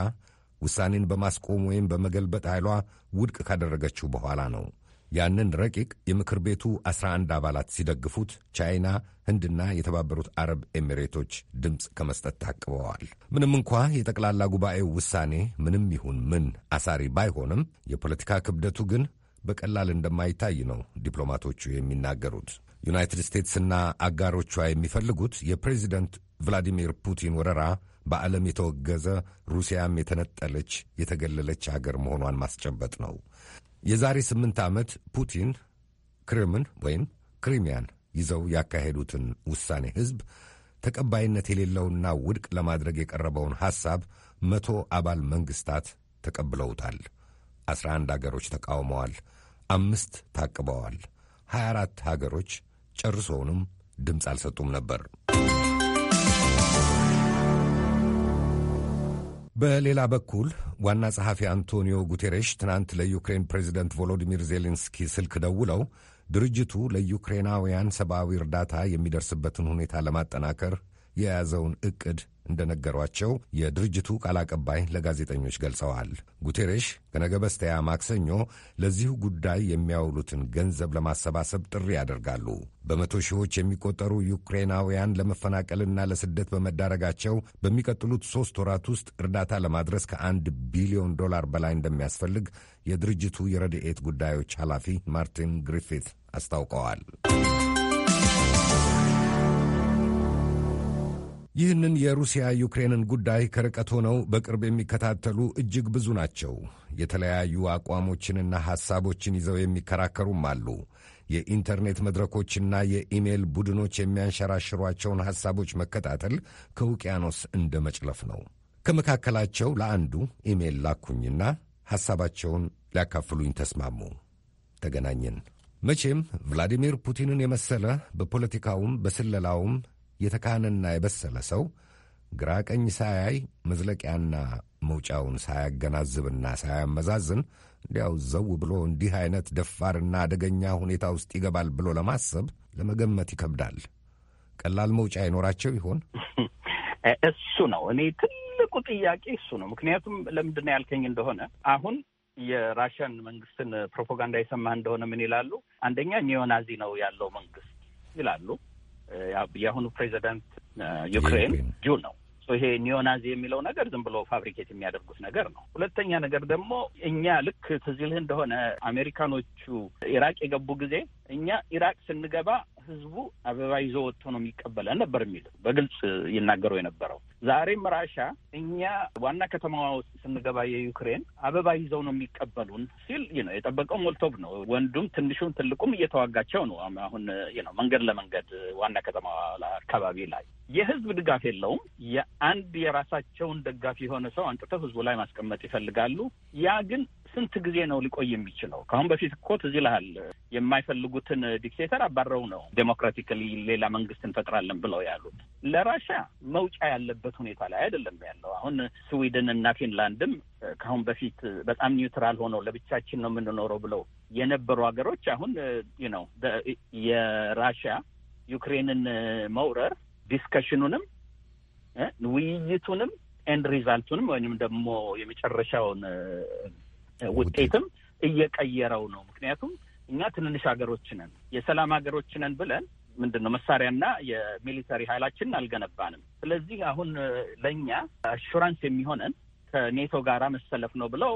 ውሳኔን በማስቆም ወይም በመገልበጥ ኃይሏ ውድቅ ካደረገችው በኋላ ነው። ያንን ረቂቅ የምክር ቤቱ 11 አባላት ሲደግፉት ቻይና፣ ህንድና የተባበሩት አረብ ኤሚሬቶች ድምፅ ከመስጠት ታቅበዋል። ምንም እንኳ የጠቅላላ ጉባኤው ውሳኔ ምንም ይሁን ምን አሳሪ ባይሆንም የፖለቲካ ክብደቱ ግን በቀላል እንደማይታይ ነው ዲፕሎማቶቹ የሚናገሩት። ዩናይትድ ስቴትስና አጋሮቿ የሚፈልጉት የፕሬዚደንት ቭላዲሚር ፑቲን ወረራ በዓለም የተወገዘ ሩሲያም የተነጠለች የተገለለች አገር መሆኗን ማስጨበጥ ነው። የዛሬ ስምንት ዓመት ፑቲን ክሪምን ወይም ክሪሚያን ይዘው ያካሄዱትን ውሳኔ ሕዝብ ተቀባይነት የሌለውና ውድቅ ለማድረግ የቀረበውን ሐሳብ መቶ አባል መንግሥታት ተቀብለውታል። አስራ አንድ አገሮች ተቃውመዋል። አምስት ታቅበዋል። 24 ሀገሮች ጨርሶውንም ድምፅ አልሰጡም ነበር። በሌላ በኩል ዋና ጸሐፊ አንቶኒዮ ጉቴሬሽ ትናንት ለዩክሬን ፕሬዚደንት ቮሎዲሚር ዜሌንስኪ ስልክ ደውለው ድርጅቱ ለዩክሬናውያን ሰብአዊ እርዳታ የሚደርስበትን ሁኔታ ለማጠናከር የያዘውን ዕቅድ እንደነገሯቸው የድርጅቱ ቃል አቀባይ ለጋዜጠኞች ገልጸዋል። ጉቴሬሽ ከነገ በስተያ ማክሰኞ ለዚሁ ጉዳይ የሚያውሉትን ገንዘብ ለማሰባሰብ ጥሪ ያደርጋሉ። በመቶ ሺዎች የሚቆጠሩ ዩክሬናውያን ለመፈናቀልና ለስደት በመዳረጋቸው በሚቀጥሉት ሦስት ወራት ውስጥ እርዳታ ለማድረስ ከአንድ ቢሊዮን ዶላር በላይ እንደሚያስፈልግ የድርጅቱ የረድኤት ጉዳዮች ኃላፊ ማርቲን ግሪፊት አስታውቀዋል። ይህንን የሩሲያ ዩክሬንን ጉዳይ ከርቀት ሆነው በቅርብ የሚከታተሉ እጅግ ብዙ ናቸው። የተለያዩ አቋሞችንና ሐሳቦችን ይዘው የሚከራከሩም አሉ። የኢንተርኔት መድረኮችና የኢሜል ቡድኖች የሚያንሸራሽሯቸውን ሐሳቦች መከታተል ከውቅያኖስ እንደ መጭለፍ ነው። ከመካከላቸው ለአንዱ ኢሜል ላኩኝና ሐሳባቸውን ሊያካፍሉኝ ተስማሙ። ተገናኘን። መቼም ቭላዲሚር ፑቲንን የመሰለ በፖለቲካውም በስለላውም የተካነና የበሰለ ሰው ግራ ቀኝ ሳያይ መዝለቂያና መውጫውን ሳያገናዝብና ሳያመዛዝን እንዲያው ዘው ብሎ እንዲህ አይነት ደፋርና አደገኛ ሁኔታ ውስጥ ይገባል ብሎ ለማሰብ ለመገመት ይከብዳል። ቀላል መውጫ ይኖራቸው ይሆን? እሱ ነው እኔ ትልቁ ጥያቄ እሱ ነው። ምክንያቱም ለምንድን ነው ያልከኝ እንደሆነ አሁን የራሽያን መንግስትን ፕሮፓጋንዳ የሰማህ እንደሆነ ምን ይላሉ? አንደኛ ኒዮናዚ ነው ያለው መንግስት ይላሉ። የአሁኑ ፕሬዚደንት ዩክሬን ጁ ነው። ይሄ ኒዮናዚ የሚለው ነገር ዝም ብሎ ፋብሪኬት የሚያደርጉት ነገር ነው። ሁለተኛ ነገር ደግሞ እኛ ልክ ትዝ ይልህ እንደሆነ አሜሪካኖቹ ኢራቅ የገቡ ጊዜ እኛ ኢራቅ ስንገባ ህዝቡ አበባ ይዞ ወጥቶ ነው የሚቀበለን ነበር የሚል በግልጽ ይናገረው የነበረው። ዛሬም ራሻ እኛ ዋና ከተማዋ ውስጥ ስንገባ የዩክሬን አበባ ይዘው ነው የሚቀበሉን ሲል ነው የጠበቀው። ሞልቶቭ ነው ወንዱም ትንሹም ትልቁም እየተዋጋቸው ነው። አሁን ነው መንገድ ለመንገድ ዋና ከተማዋ አካባቢ ላይ የህዝብ ድጋፍ የለውም። የአንድ የራሳቸውን ደጋፊ የሆነ ሰው አንጥተው ህዝቡ ላይ ማስቀመጥ ይፈልጋሉ። ያ ግን ስንት ጊዜ ነው ሊቆይ የሚችለው? ከአሁን በፊት እኮ ትዝ ይልሃል የማይፈልጉትን ዲክቴተር አባረው ነው ዴሞክራቲካሊ ሌላ መንግስት እንፈጥራለን ብለው ያሉት። ለራሻ መውጫ ያለበት ሁኔታ ላይ አይደለም ያለው። አሁን ስዊድን እና ፊንላንድም ከአሁን በፊት በጣም ኒውትራል ሆነው ለብቻችን ነው የምንኖረው ብለው የነበሩ ሀገሮች አሁን ነው የራሻ ዩክሬንን መውረር ዲስከሽኑንም ውይይቱንም ኤንድ ሪዛልቱንም ወይም ደግሞ የመጨረሻውን ውጤትም እየቀየረው ነው። ምክንያቱም እኛ ትንንሽ ሀገሮች ነን፣ የሰላም ሀገሮች ነን ብለን ምንድን ነው መሳሪያና የሚሊተሪ ኃይላችንን አልገነባንም። ስለዚህ አሁን ለእኛ አሹራንስ የሚሆነን ከኔቶ ጋር መሰለፍ ነው ብለው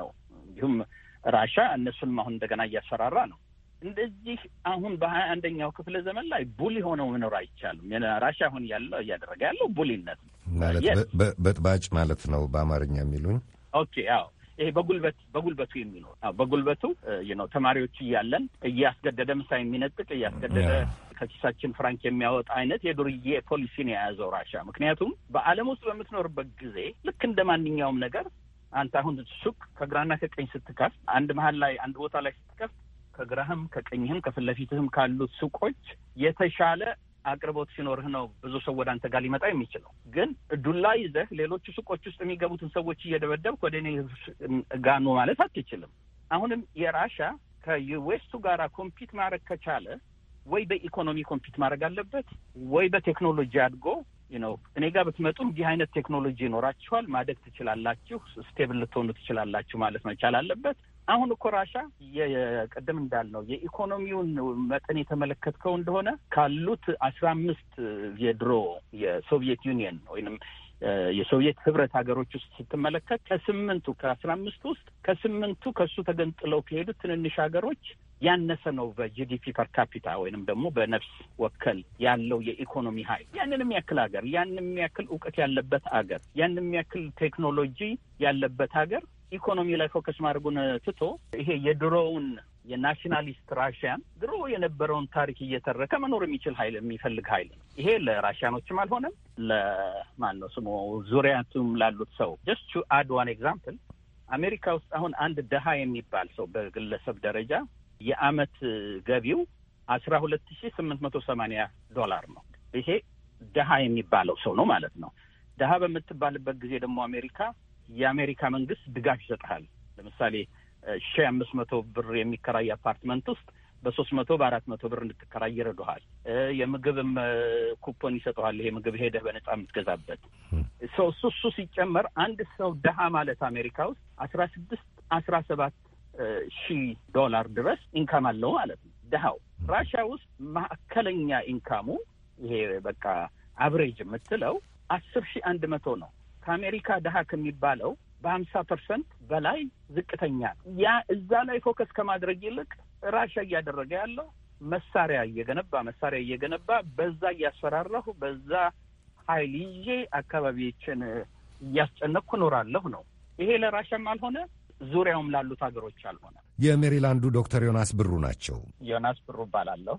ነው። እንዲሁም ራሻ እነሱንም አሁን እንደገና እያሰራራ ነው። እንደዚህ አሁን በሀያ አንደኛው ክፍለ ዘመን ላይ ቡሊ ሆነው መኖር አይቻልም። ራሻ አሁን ያለው እያደረገ ያለው ቡሊነት ማለት በጥባጭ ማለት ነው በአማርኛ የሚሉኝ ኦኬ። ያው ይሄ በጉልበት በጉልበቱ የሚኖር በጉልበቱ ነው። ተማሪዎቹ እያለን እያስገደደ ምሳ የሚነጥቅ እያስገደደ ከኪሳችን ፍራንክ የሚያወጣ አይነት የዱርዬ ፖሊሲን የያዘው ራሻ። ምክንያቱም በዓለም ውስጥ በምትኖርበት ጊዜ ልክ እንደ ማንኛውም ነገር አንተ አሁን ሱቅ ከግራና ከቀኝ ስትከፍት፣ አንድ መሀል ላይ አንድ ቦታ ላይ ስትከፍት ከግራህም ከቀኝህም ከፊት ለፊትህም ካሉት ሱቆች የተሻለ አቅርቦት ሲኖርህ ነው ብዙ ሰው ወደ አንተ ጋር ሊመጣ የሚችለው። ግን ዱላ ይዘህ ሌሎቹ ሱቆች ውስጥ የሚገቡትን ሰዎች እየደበደብክ ወደ እኔ ጋር ነው ማለት አትችልም። አሁንም የራሻ ከዩዌስቱ ጋራ ኮምፒት ማድረግ ከቻለ ወይ በኢኮኖሚ ኮምፒት ማድረግ አለበት ወይ በቴክኖሎጂ አድጎ ነው። እኔ ጋር ብትመጡ እንዲህ አይነት ቴክኖሎጂ ይኖራችኋል፣ ማደግ ትችላላችሁ፣ ስቴብል ልትሆኑ ትችላላችሁ ማለት መቻል አለበት። አሁን እኮ ራሻ የቀደም እንዳልነው የኢኮኖሚውን መጠን የተመለከትከው እንደሆነ ካሉት አስራ አምስት የድሮ የሶቪየት ዩኒየን ወይንም የሶቪየት ህብረት ሀገሮች ውስጥ ስትመለከት ከስምንቱ ከአስራ አምስቱ ውስጥ ከስምንቱ ከእሱ ተገንጥለው ከሄዱት ትንንሽ ሀገሮች ያነሰ ነው በጂዲፒ ፐር ካፒታ ወይንም ደግሞ በነፍስ ወከል ያለው የኢኮኖሚ ሀይል ያንን የሚያክል ሀገር ያንን የሚያክል እውቀት ያለበት ሀገር ያንን የሚያክል ቴክኖሎጂ ያለበት ሀገር ኢኮኖሚ ላይ ፎከስ ማድረጉን ትቶ ይሄ የድሮውን የናሽናሊስት ራሽያን ድሮ የነበረውን ታሪክ እየተረከ መኖር የሚችል ሀይል የሚፈልግ ሀይል ነው። ይሄ ለራሽያኖችም አልሆነም። ለማን ነው ስሙ ዙሪያቱም ላሉት ሰው ጀስት አድ ዋን ኤግዛምፕል አሜሪካ ውስጥ አሁን አንድ ደሃ የሚባል ሰው በግለሰብ ደረጃ የአመት ገቢው አስራ ሁለት ሺ ስምንት መቶ ሰማኒያ ዶላር ነው። ይሄ ደሃ የሚባለው ሰው ነው ማለት ነው። ደሃ በምትባልበት ጊዜ ደግሞ አሜሪካ የአሜሪካ መንግስት ድጋፍ ይሰጥሃል። ለምሳሌ ሺ አምስት መቶ ብር የሚከራይ አፓርትመንት ውስጥ በሶስት መቶ በአራት መቶ ብር እንድትከራይ ይረዱሃል። የምግብም ኩፖን ይሰጠዋል። ይሄ ምግብ ሄደህ በነጻ የምትገዛበት ሰው እሱ እሱ ሲጨመር አንድ ሰው ድሃ ማለት አሜሪካ ውስጥ አስራ ስድስት አስራ ሰባት ሺህ ዶላር ድረስ ኢንካም አለው ማለት ነው ድሃው ራሽያ ውስጥ ማዕከለኛ ኢንካሙ ይሄ በቃ አብሬጅ የምትለው አስር ሺህ አንድ መቶ ነው። ከአሜሪካ ድሀ ከሚባለው በሀምሳ ፐርሰንት በላይ ዝቅተኛ ነው። ያ እዛ ላይ ፎከስ ከማድረግ ይልቅ ራሻ እያደረገ ያለው መሳሪያ እየገነባ መሳሪያ እየገነባ በዛ እያስፈራራሁ በዛ ኃይል ይዤ አካባቢዎችን እያስጨነቅኩ እኖራለሁ ነው። ይሄ ለራሻም አልሆነ ዙሪያውም ላሉት ሀገሮች አልሆነ። የሜሪላንዱ ዶክተር ዮናስ ብሩ ናቸው። ዮናስ ብሩ እባላለሁ።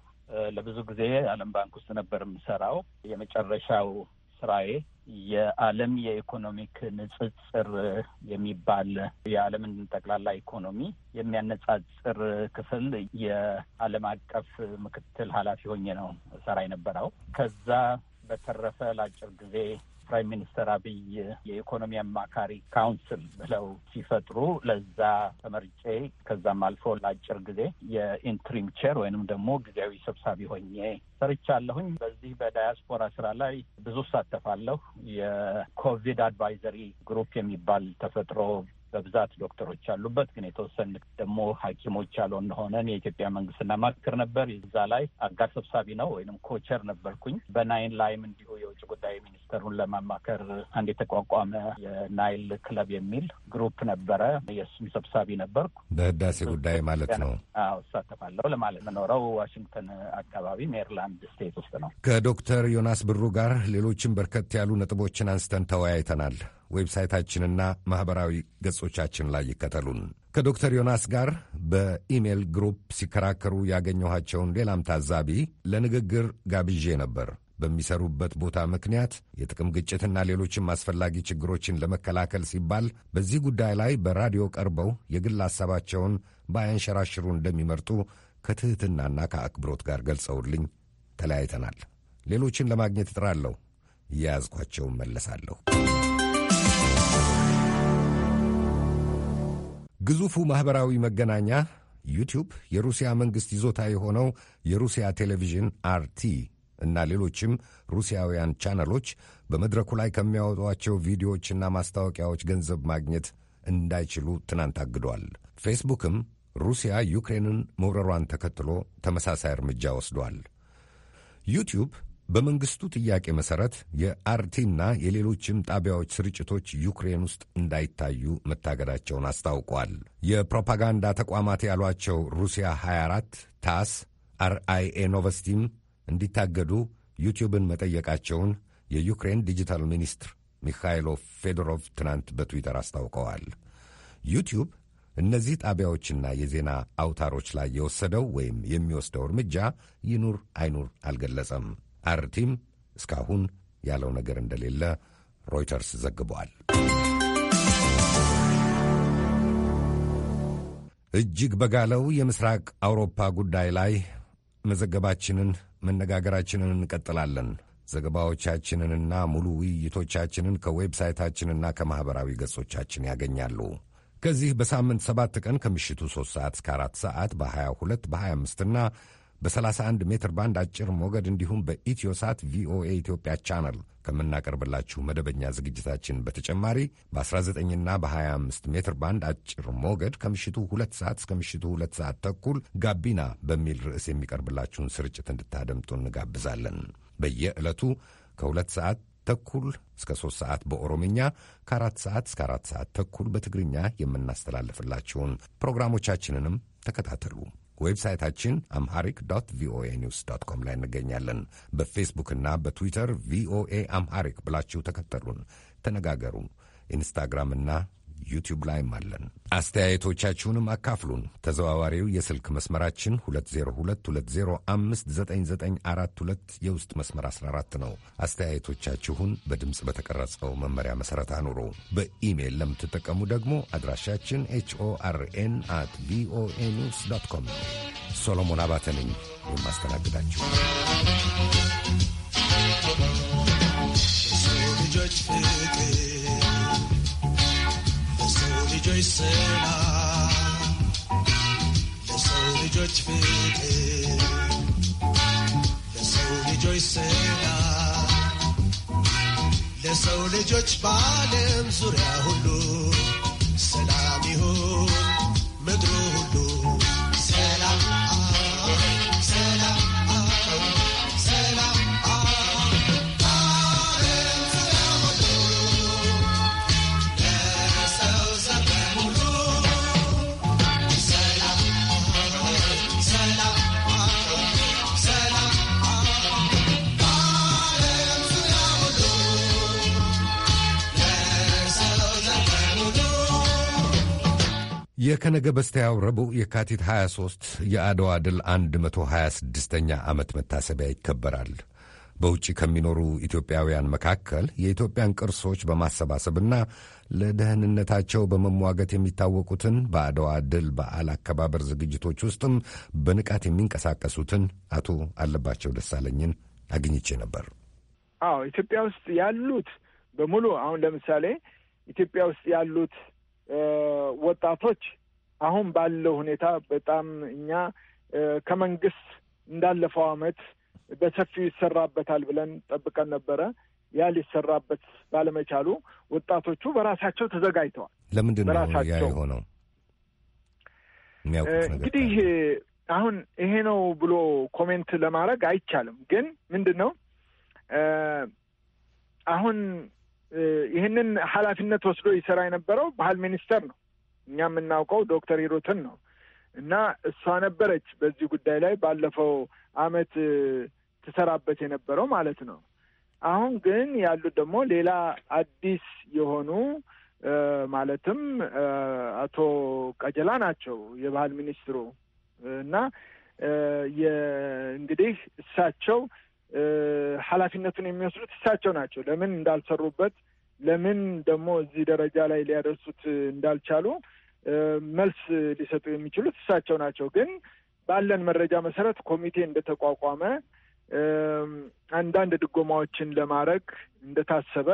ለብዙ ጊዜ ዓለም ባንክ ውስጥ ነበር የምሰራው። የመጨረሻው ስራዬ የዓለም የኢኮኖሚክ ንጽጽር የሚባል የዓለምን ጠቅላላ ኢኮኖሚ የሚያነጻጽር ክፍል የዓለም አቀፍ ምክትል ኃላፊ ሆኜ ነው ሰራ የነበረው። ከዛ በተረፈ ለአጭር ጊዜ ፕራይም ሚኒስተር አብይ የኢኮኖሚ አማካሪ ካውንስል ብለው ሲፈጥሩ ለዛ ተመርጬ ከዛም አልፎ ለአጭር ጊዜ የኢንትሪም ቼር ወይንም ደግሞ ጊዜያዊ ሰብሳቢ ሆኜ ሰርቻለሁኝ። በዚህ በዳያስፖራ ስራ ላይ ብዙ እሳተፋለሁ። የኮቪድ አድቫይዘሪ ግሩፕ የሚባል ተፈጥሮ በብዛት ዶክተሮች ያሉበት ግን የተወሰን ደግሞ ሐኪሞች ያልሆን እንደሆነን የኢትዮጵያ መንግስት እናማክር ነበር። እዛ ላይ አጋር ሰብሳቢ ነው ወይም ኮቸር ነበርኩኝ። በናይን ላይም እንዲሁ የውጭ ጉዳይ ሚኒስተሩን ለማማከር አንድ የተቋቋመ የናይል ክለብ የሚል ግሩፕ ነበረ። የእሱም ሰብሳቢ ነበርኩ። በህዳሴ ጉዳይ ማለት ነው። አዎ እሳተፋለሁ ለማለት የምኖረው ዋሽንግተን አካባቢ ሜሪላንድ ስቴት ውስጥ ነው። ከዶክተር ዮናስ ብሩ ጋር ሌሎችም በርከት ያሉ ነጥቦችን አንስተን ተወያይተናል። ዌብሳይታችንና ማኅበራዊ ገጾቻችን ላይ ይከተሉን። ከዶክተር ዮናስ ጋር በኢሜል ግሩፕ ሲከራከሩ ያገኘኋቸውን ሌላም ታዛቢ ለንግግር ጋብዤ ነበር። በሚሰሩበት ቦታ ምክንያት የጥቅም ግጭትና ሌሎችም አስፈላጊ ችግሮችን ለመከላከል ሲባል በዚህ ጉዳይ ላይ በራዲዮ ቀርበው የግል ሐሳባቸውን ባያንሸራሽሩ እንደሚመርጡ ከትሕትናና ከአክብሮት ጋር ገልጸውልኝ ተለያይተናል። ሌሎችን ለማግኘት እጥራለሁ፣ እየያዝኳቸውን መለሳለሁ። ግዙፉ ማኅበራዊ መገናኛ ዩቲዩብ የሩሲያ መንግሥት ይዞታ የሆነው የሩሲያ ቴሌቪዥን አርቲ እና ሌሎችም ሩሲያውያን ቻነሎች በመድረኩ ላይ ከሚያወጧቸው ቪዲዮዎችና ማስታወቂያዎች ገንዘብ ማግኘት እንዳይችሉ ትናንት አግዷል። ፌስቡክም ሩሲያ ዩክሬንን መውረሯን ተከትሎ ተመሳሳይ እርምጃ ወስዷል። ዩቲዩብ በመንግስቱ ጥያቄ መሰረት የአርቲና የሌሎችም ጣቢያዎች ስርጭቶች ዩክሬን ውስጥ እንዳይታዩ መታገዳቸውን አስታውቋል። የፕሮፓጋንዳ ተቋማት ያሏቸው ሩሲያ 24 ታስ፣ አርአይኤ ኖቨስቲም እንዲታገዱ ዩቲዩብን መጠየቃቸውን የዩክሬን ዲጂታል ሚኒስትር ሚካይሎ ፌዶሮቭ ትናንት በትዊተር አስታውቀዋል። ዩቲዩብ እነዚህ ጣቢያዎችና የዜና አውታሮች ላይ የወሰደው ወይም የሚወስደው እርምጃ ይኑር አይኑር አልገለጸም። አርቲም እስካሁን ያለው ነገር እንደሌለ ሮይተርስ ዘግቧል። እጅግ በጋለው የምስራቅ አውሮፓ ጉዳይ ላይ መዘገባችንን መነጋገራችንን እንቀጥላለን። ዘገባዎቻችንንና ሙሉ ውይይቶቻችንን ከዌብሳይታችንና ከማኅበራዊ ገጾቻችን ያገኛሉ። ከዚህ በሳምንት ሰባት ቀን ከምሽቱ 3 ሰዓት እስከ 4 ሰዓት በ22 በ25 እና በ31 ሜትር ባንድ አጭር ሞገድ እንዲሁም በኢትዮሳት ቪኦኤ ኢትዮጵያ ቻናል ከምናቀርብላችሁ መደበኛ ዝግጅታችን በተጨማሪ በ19ና በ25 ሜትር ባንድ አጭር ሞገድ ከምሽቱ ሁለት ሰዓት እስከ ምሽቱ ሁለት ሰዓት ተኩል ጋቢና በሚል ርዕስ የሚቀርብላችሁን ስርጭት እንድታደምጡ እንጋብዛለን። በየዕለቱ ከሁለት ሰዓት ተኩል እስከ ሶስት ሰዓት በኦሮምኛ ከአራት ሰዓት እስከ አራት ሰዓት ተኩል በትግርኛ የምናስተላልፍላችሁን ፕሮግራሞቻችንንም ተከታተሉ። ዌብሳይታችን አምሃሪክ ዶት ቪኦኤ ኒውስ ዶት ኮም ላይ እንገኛለን። በፌስቡክና በትዊተር ቪኦኤ አምሃሪክ ብላችሁ ተከተሉን፣ ተነጋገሩ። ኢንስታግራምና ዩቲዩብ ላይም አለን። አስተያየቶቻችሁንም አካፍሉን። ተዘዋዋሪው የስልክ መስመራችን 2022059942 የውስጥ መስመር 14 ነው። አስተያየቶቻችሁን በድምፅ በተቀረጸው መመሪያ መሠረት አኑሩ። በኢሜይል ለምትጠቀሙ ደግሞ አድራሻችን ኤችኦአርኤን አት ቪኦኤ ኒውስ ዶት ኮም ሶሎሞን አባተ ነኝ የማስተናግዳችሁ። ጆይስና ለሰው ልጆች ፍቅር ለሰው ልጆች ስና ለሰው ልጆች በዓለም ዙሪያ ሁሉ ሰላም የከነገ በስቲያው ረቡዕ የካቲት 23 የአድዋ ድል 126ኛ ዓመት መታሰቢያ ይከበራል። በውጭ ከሚኖሩ ኢትዮጵያውያን መካከል የኢትዮጵያን ቅርሶች በማሰባሰብና ለደህንነታቸው በመሟገት የሚታወቁትን በአድዋ ድል በዓል አከባበር ዝግጅቶች ውስጥም በንቃት የሚንቀሳቀሱትን አቶ አለባቸው ደሳለኝን አግኝቼ ነበር። አዎ ኢትዮጵያ ውስጥ ያሉት በሙሉ አሁን ለምሳሌ ኢትዮጵያ ውስጥ ያሉት ወጣቶች አሁን ባለው ሁኔታ በጣም እኛ ከመንግስት እንዳለፈው አመት በሰፊው ይሰራበታል ብለን ጠብቀን ነበረ። ያ ሊሰራበት ባለመቻሉ ወጣቶቹ በራሳቸው ተዘጋጅተዋል። ለምንድን ነው ያ የሆነው? እንግዲህ አሁን ይሄ ነው ብሎ ኮሜንት ለማድረግ አይቻልም። ግን ምንድን ነው አሁን ይህንን ኃላፊነት ወስዶ ይሰራ የነበረው ባህል ሚኒስቴር ነው። እኛ የምናውቀው ዶክተር ሂሩትን ነው እና እሷ ነበረች በዚህ ጉዳይ ላይ ባለፈው አመት ትሰራበት የነበረው ማለት ነው። አሁን ግን ያሉት ደግሞ ሌላ አዲስ የሆኑ ማለትም አቶ ቀጀላ ናቸው የባህል ሚኒስትሩ እና እንግዲህ እሳቸው ኃላፊነቱን የሚወስዱት እሳቸው ናቸው። ለምን እንዳልሰሩበት ለምን ደግሞ እዚህ ደረጃ ላይ ሊያደርሱት እንዳልቻሉ መልስ ሊሰጡ የሚችሉት እሳቸው ናቸው። ግን ባለን መረጃ መሰረት ኮሚቴ እንደተቋቋመ አንዳንድ ድጎማዎችን ለማድረግ እንደታሰበ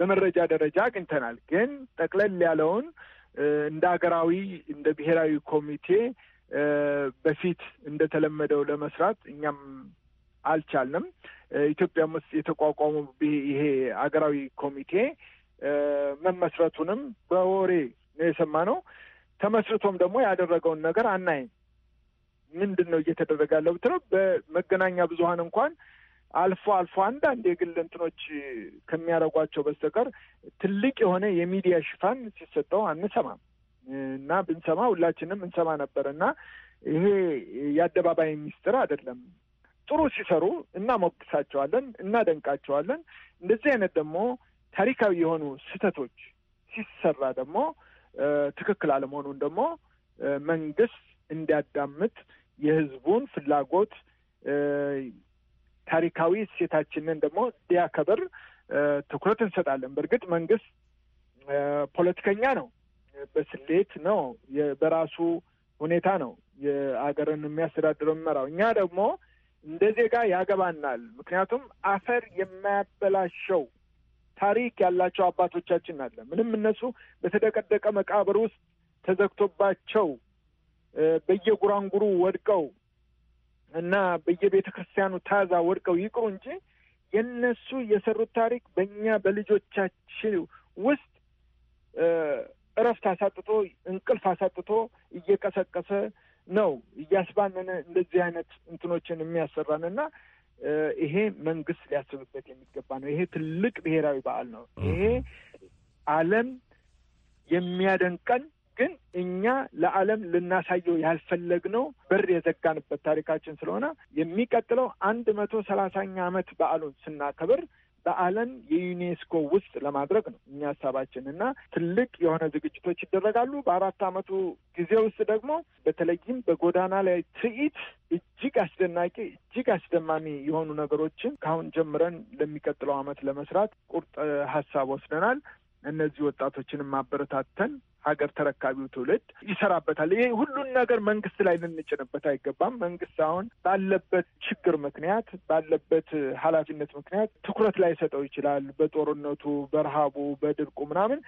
በመረጃ ደረጃ አግኝተናል። ግን ጠቅለል ያለውን እንደ ሀገራዊ እንደ ብሔራዊ ኮሚቴ በፊት እንደተለመደው ለመስራት እኛም አልቻልንም። ኢትዮጵያም ውስጥ የተቋቋሙ ይሄ አገራዊ ኮሚቴ መመስረቱንም በወሬ ነው የሰማነው። ተመስርቶም ደግሞ ያደረገውን ነገር አናይም። ምንድን ነው እየተደረገ ያለው ብትለው በመገናኛ ብዙኃን እንኳን አልፎ አልፎ አንዳንድ የግል እንትኖች ከሚያደርጓቸው በስተቀር ትልቅ የሆነ የሚዲያ ሽፋን ሲሰጠው አንሰማም እና ብንሰማ ሁላችንም እንሰማ ነበር እና ይሄ የአደባባይ ሚስጥር አይደለም። ጥሩ ሲሰሩ እናሞግሳቸዋለን፣ እናደንቃቸዋለን። እንደዚህ አይነት ደግሞ ታሪካዊ የሆኑ ስህተቶች ሲሰራ ደግሞ ትክክል አለመሆኑን ደግሞ መንግስት እንዲያዳምጥ የህዝቡን ፍላጎት ታሪካዊ እሴታችንን ደግሞ እንዲያከብር ትኩረት እንሰጣለን። በእርግጥ መንግስት ፖለቲከኛ ነው፣ በስሌት ነው፣ በራሱ ሁኔታ ነው የአገርን የሚያስተዳድረው የሚመራው። እኛ ደግሞ እንደ ዜጋ ያገባናል። ምክንያቱም አፈር የማያበላሸው ታሪክ ያላቸው አባቶቻችን አለ። ምንም እነሱ በተደቀደቀ መቃብር ውስጥ ተዘግቶባቸው በየጉራንጉሩ ወድቀው እና በየቤተ ክርስቲያኑ ታዛ ወድቀው ይቅሩ እንጂ የነሱ የሰሩት ታሪክ በእኛ በልጆቻችን ውስጥ እረፍት አሳጥቶ እንቅልፍ አሳጥቶ እየቀሰቀሰ ነው እያስባንን እንደዚህ አይነት እንትኖችን የሚያሰራን እና ይሄ መንግስት ሊያስብበት የሚገባ ነው። ይሄ ትልቅ ብሔራዊ በዓል ነው። ይሄ ዓለም የሚያደንቀን ግን እኛ ለዓለም ልናሳየው ያልፈለግነው በር የዘጋንበት ታሪካችን ስለሆነ የሚቀጥለው አንድ መቶ ሰላሳኛ ዓመት በዓሉን ስናከብር በዓለም የዩኔስኮ ውስጥ ለማድረግ ነው እኛ ሀሳባችን እና ትልቅ የሆነ ዝግጅቶች ይደረጋሉ። በአራት አመቱ ጊዜ ውስጥ ደግሞ በተለይም በጎዳና ላይ ትርኢት እጅግ አስደናቂ እጅግ አስደማሚ የሆኑ ነገሮችን ከአሁን ጀምረን ለሚቀጥለው ዓመት ለመስራት ቁርጥ ሀሳብ ወስደናል። እነዚህ ወጣቶችን ማበረታተን ሀገር ተረካቢው ትውልድ ይሰራበታል። ይሄ ሁሉን ነገር መንግስት ላይ ልንጭንበት አይገባም። መንግስት አሁን ባለበት ችግር ምክንያት ባለበት ኃላፊነት ምክንያት ትኩረት ላይ ሰጠው ይችላል። በጦርነቱ፣ በረሃቡ፣ በድርቁ ምናምን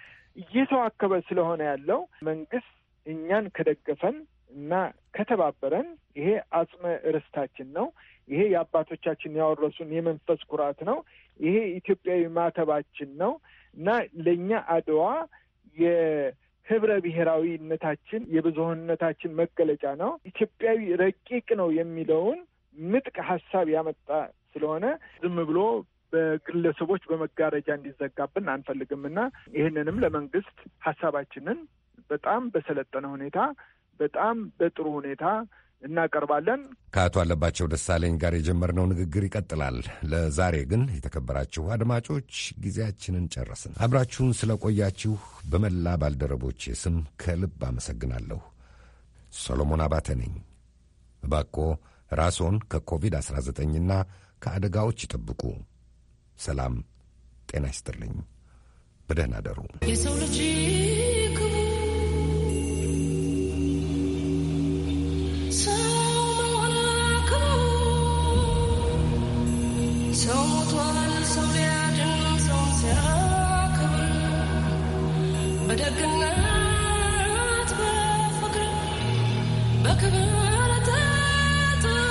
እየተዋከበ ስለሆነ ያለው መንግስት እኛን ከደገፈን እና ከተባበረን ይሄ አጽመ ርስታችን ነው። ይሄ የአባቶቻችን ያወረሱን የመንፈስ ኩራት ነው። ይሄ ኢትዮጵያዊ ማተባችን ነው። እና ለእኛ አድዋ የህብረ ብሔራዊነታችን የብዙሀነታችን መገለጫ ነው። ኢትዮጵያዊ ረቂቅ ነው የሚለውን ምጥቅ ሀሳብ ያመጣ ስለሆነ ዝም ብሎ በግለሰቦች በመጋረጃ እንዲዘጋብን አንፈልግም እና ይህንንም ለመንግስት ሀሳባችንን በጣም በሰለጠነ ሁኔታ በጣም በጥሩ ሁኔታ እናቀርባለን። ከአቶ አለባቸው ደሳለኝ ጋር የጀመርነው ንግግር ይቀጥላል። ለዛሬ ግን የተከበራችሁ አድማጮች ጊዜያችንን ጨረስን። አብራችሁን ስለቆያችሁ በመላ ባልደረቦቼ ስም ከልብ አመሰግናለሁ። ሰሎሞን አባተ ነኝ። እባክዎ ራስዎን ከኮቪድ-19ና ከአደጋዎች ይጠብቁ። ሰላም ጤና ይስጥልኝ። በደህና አደሩ። cover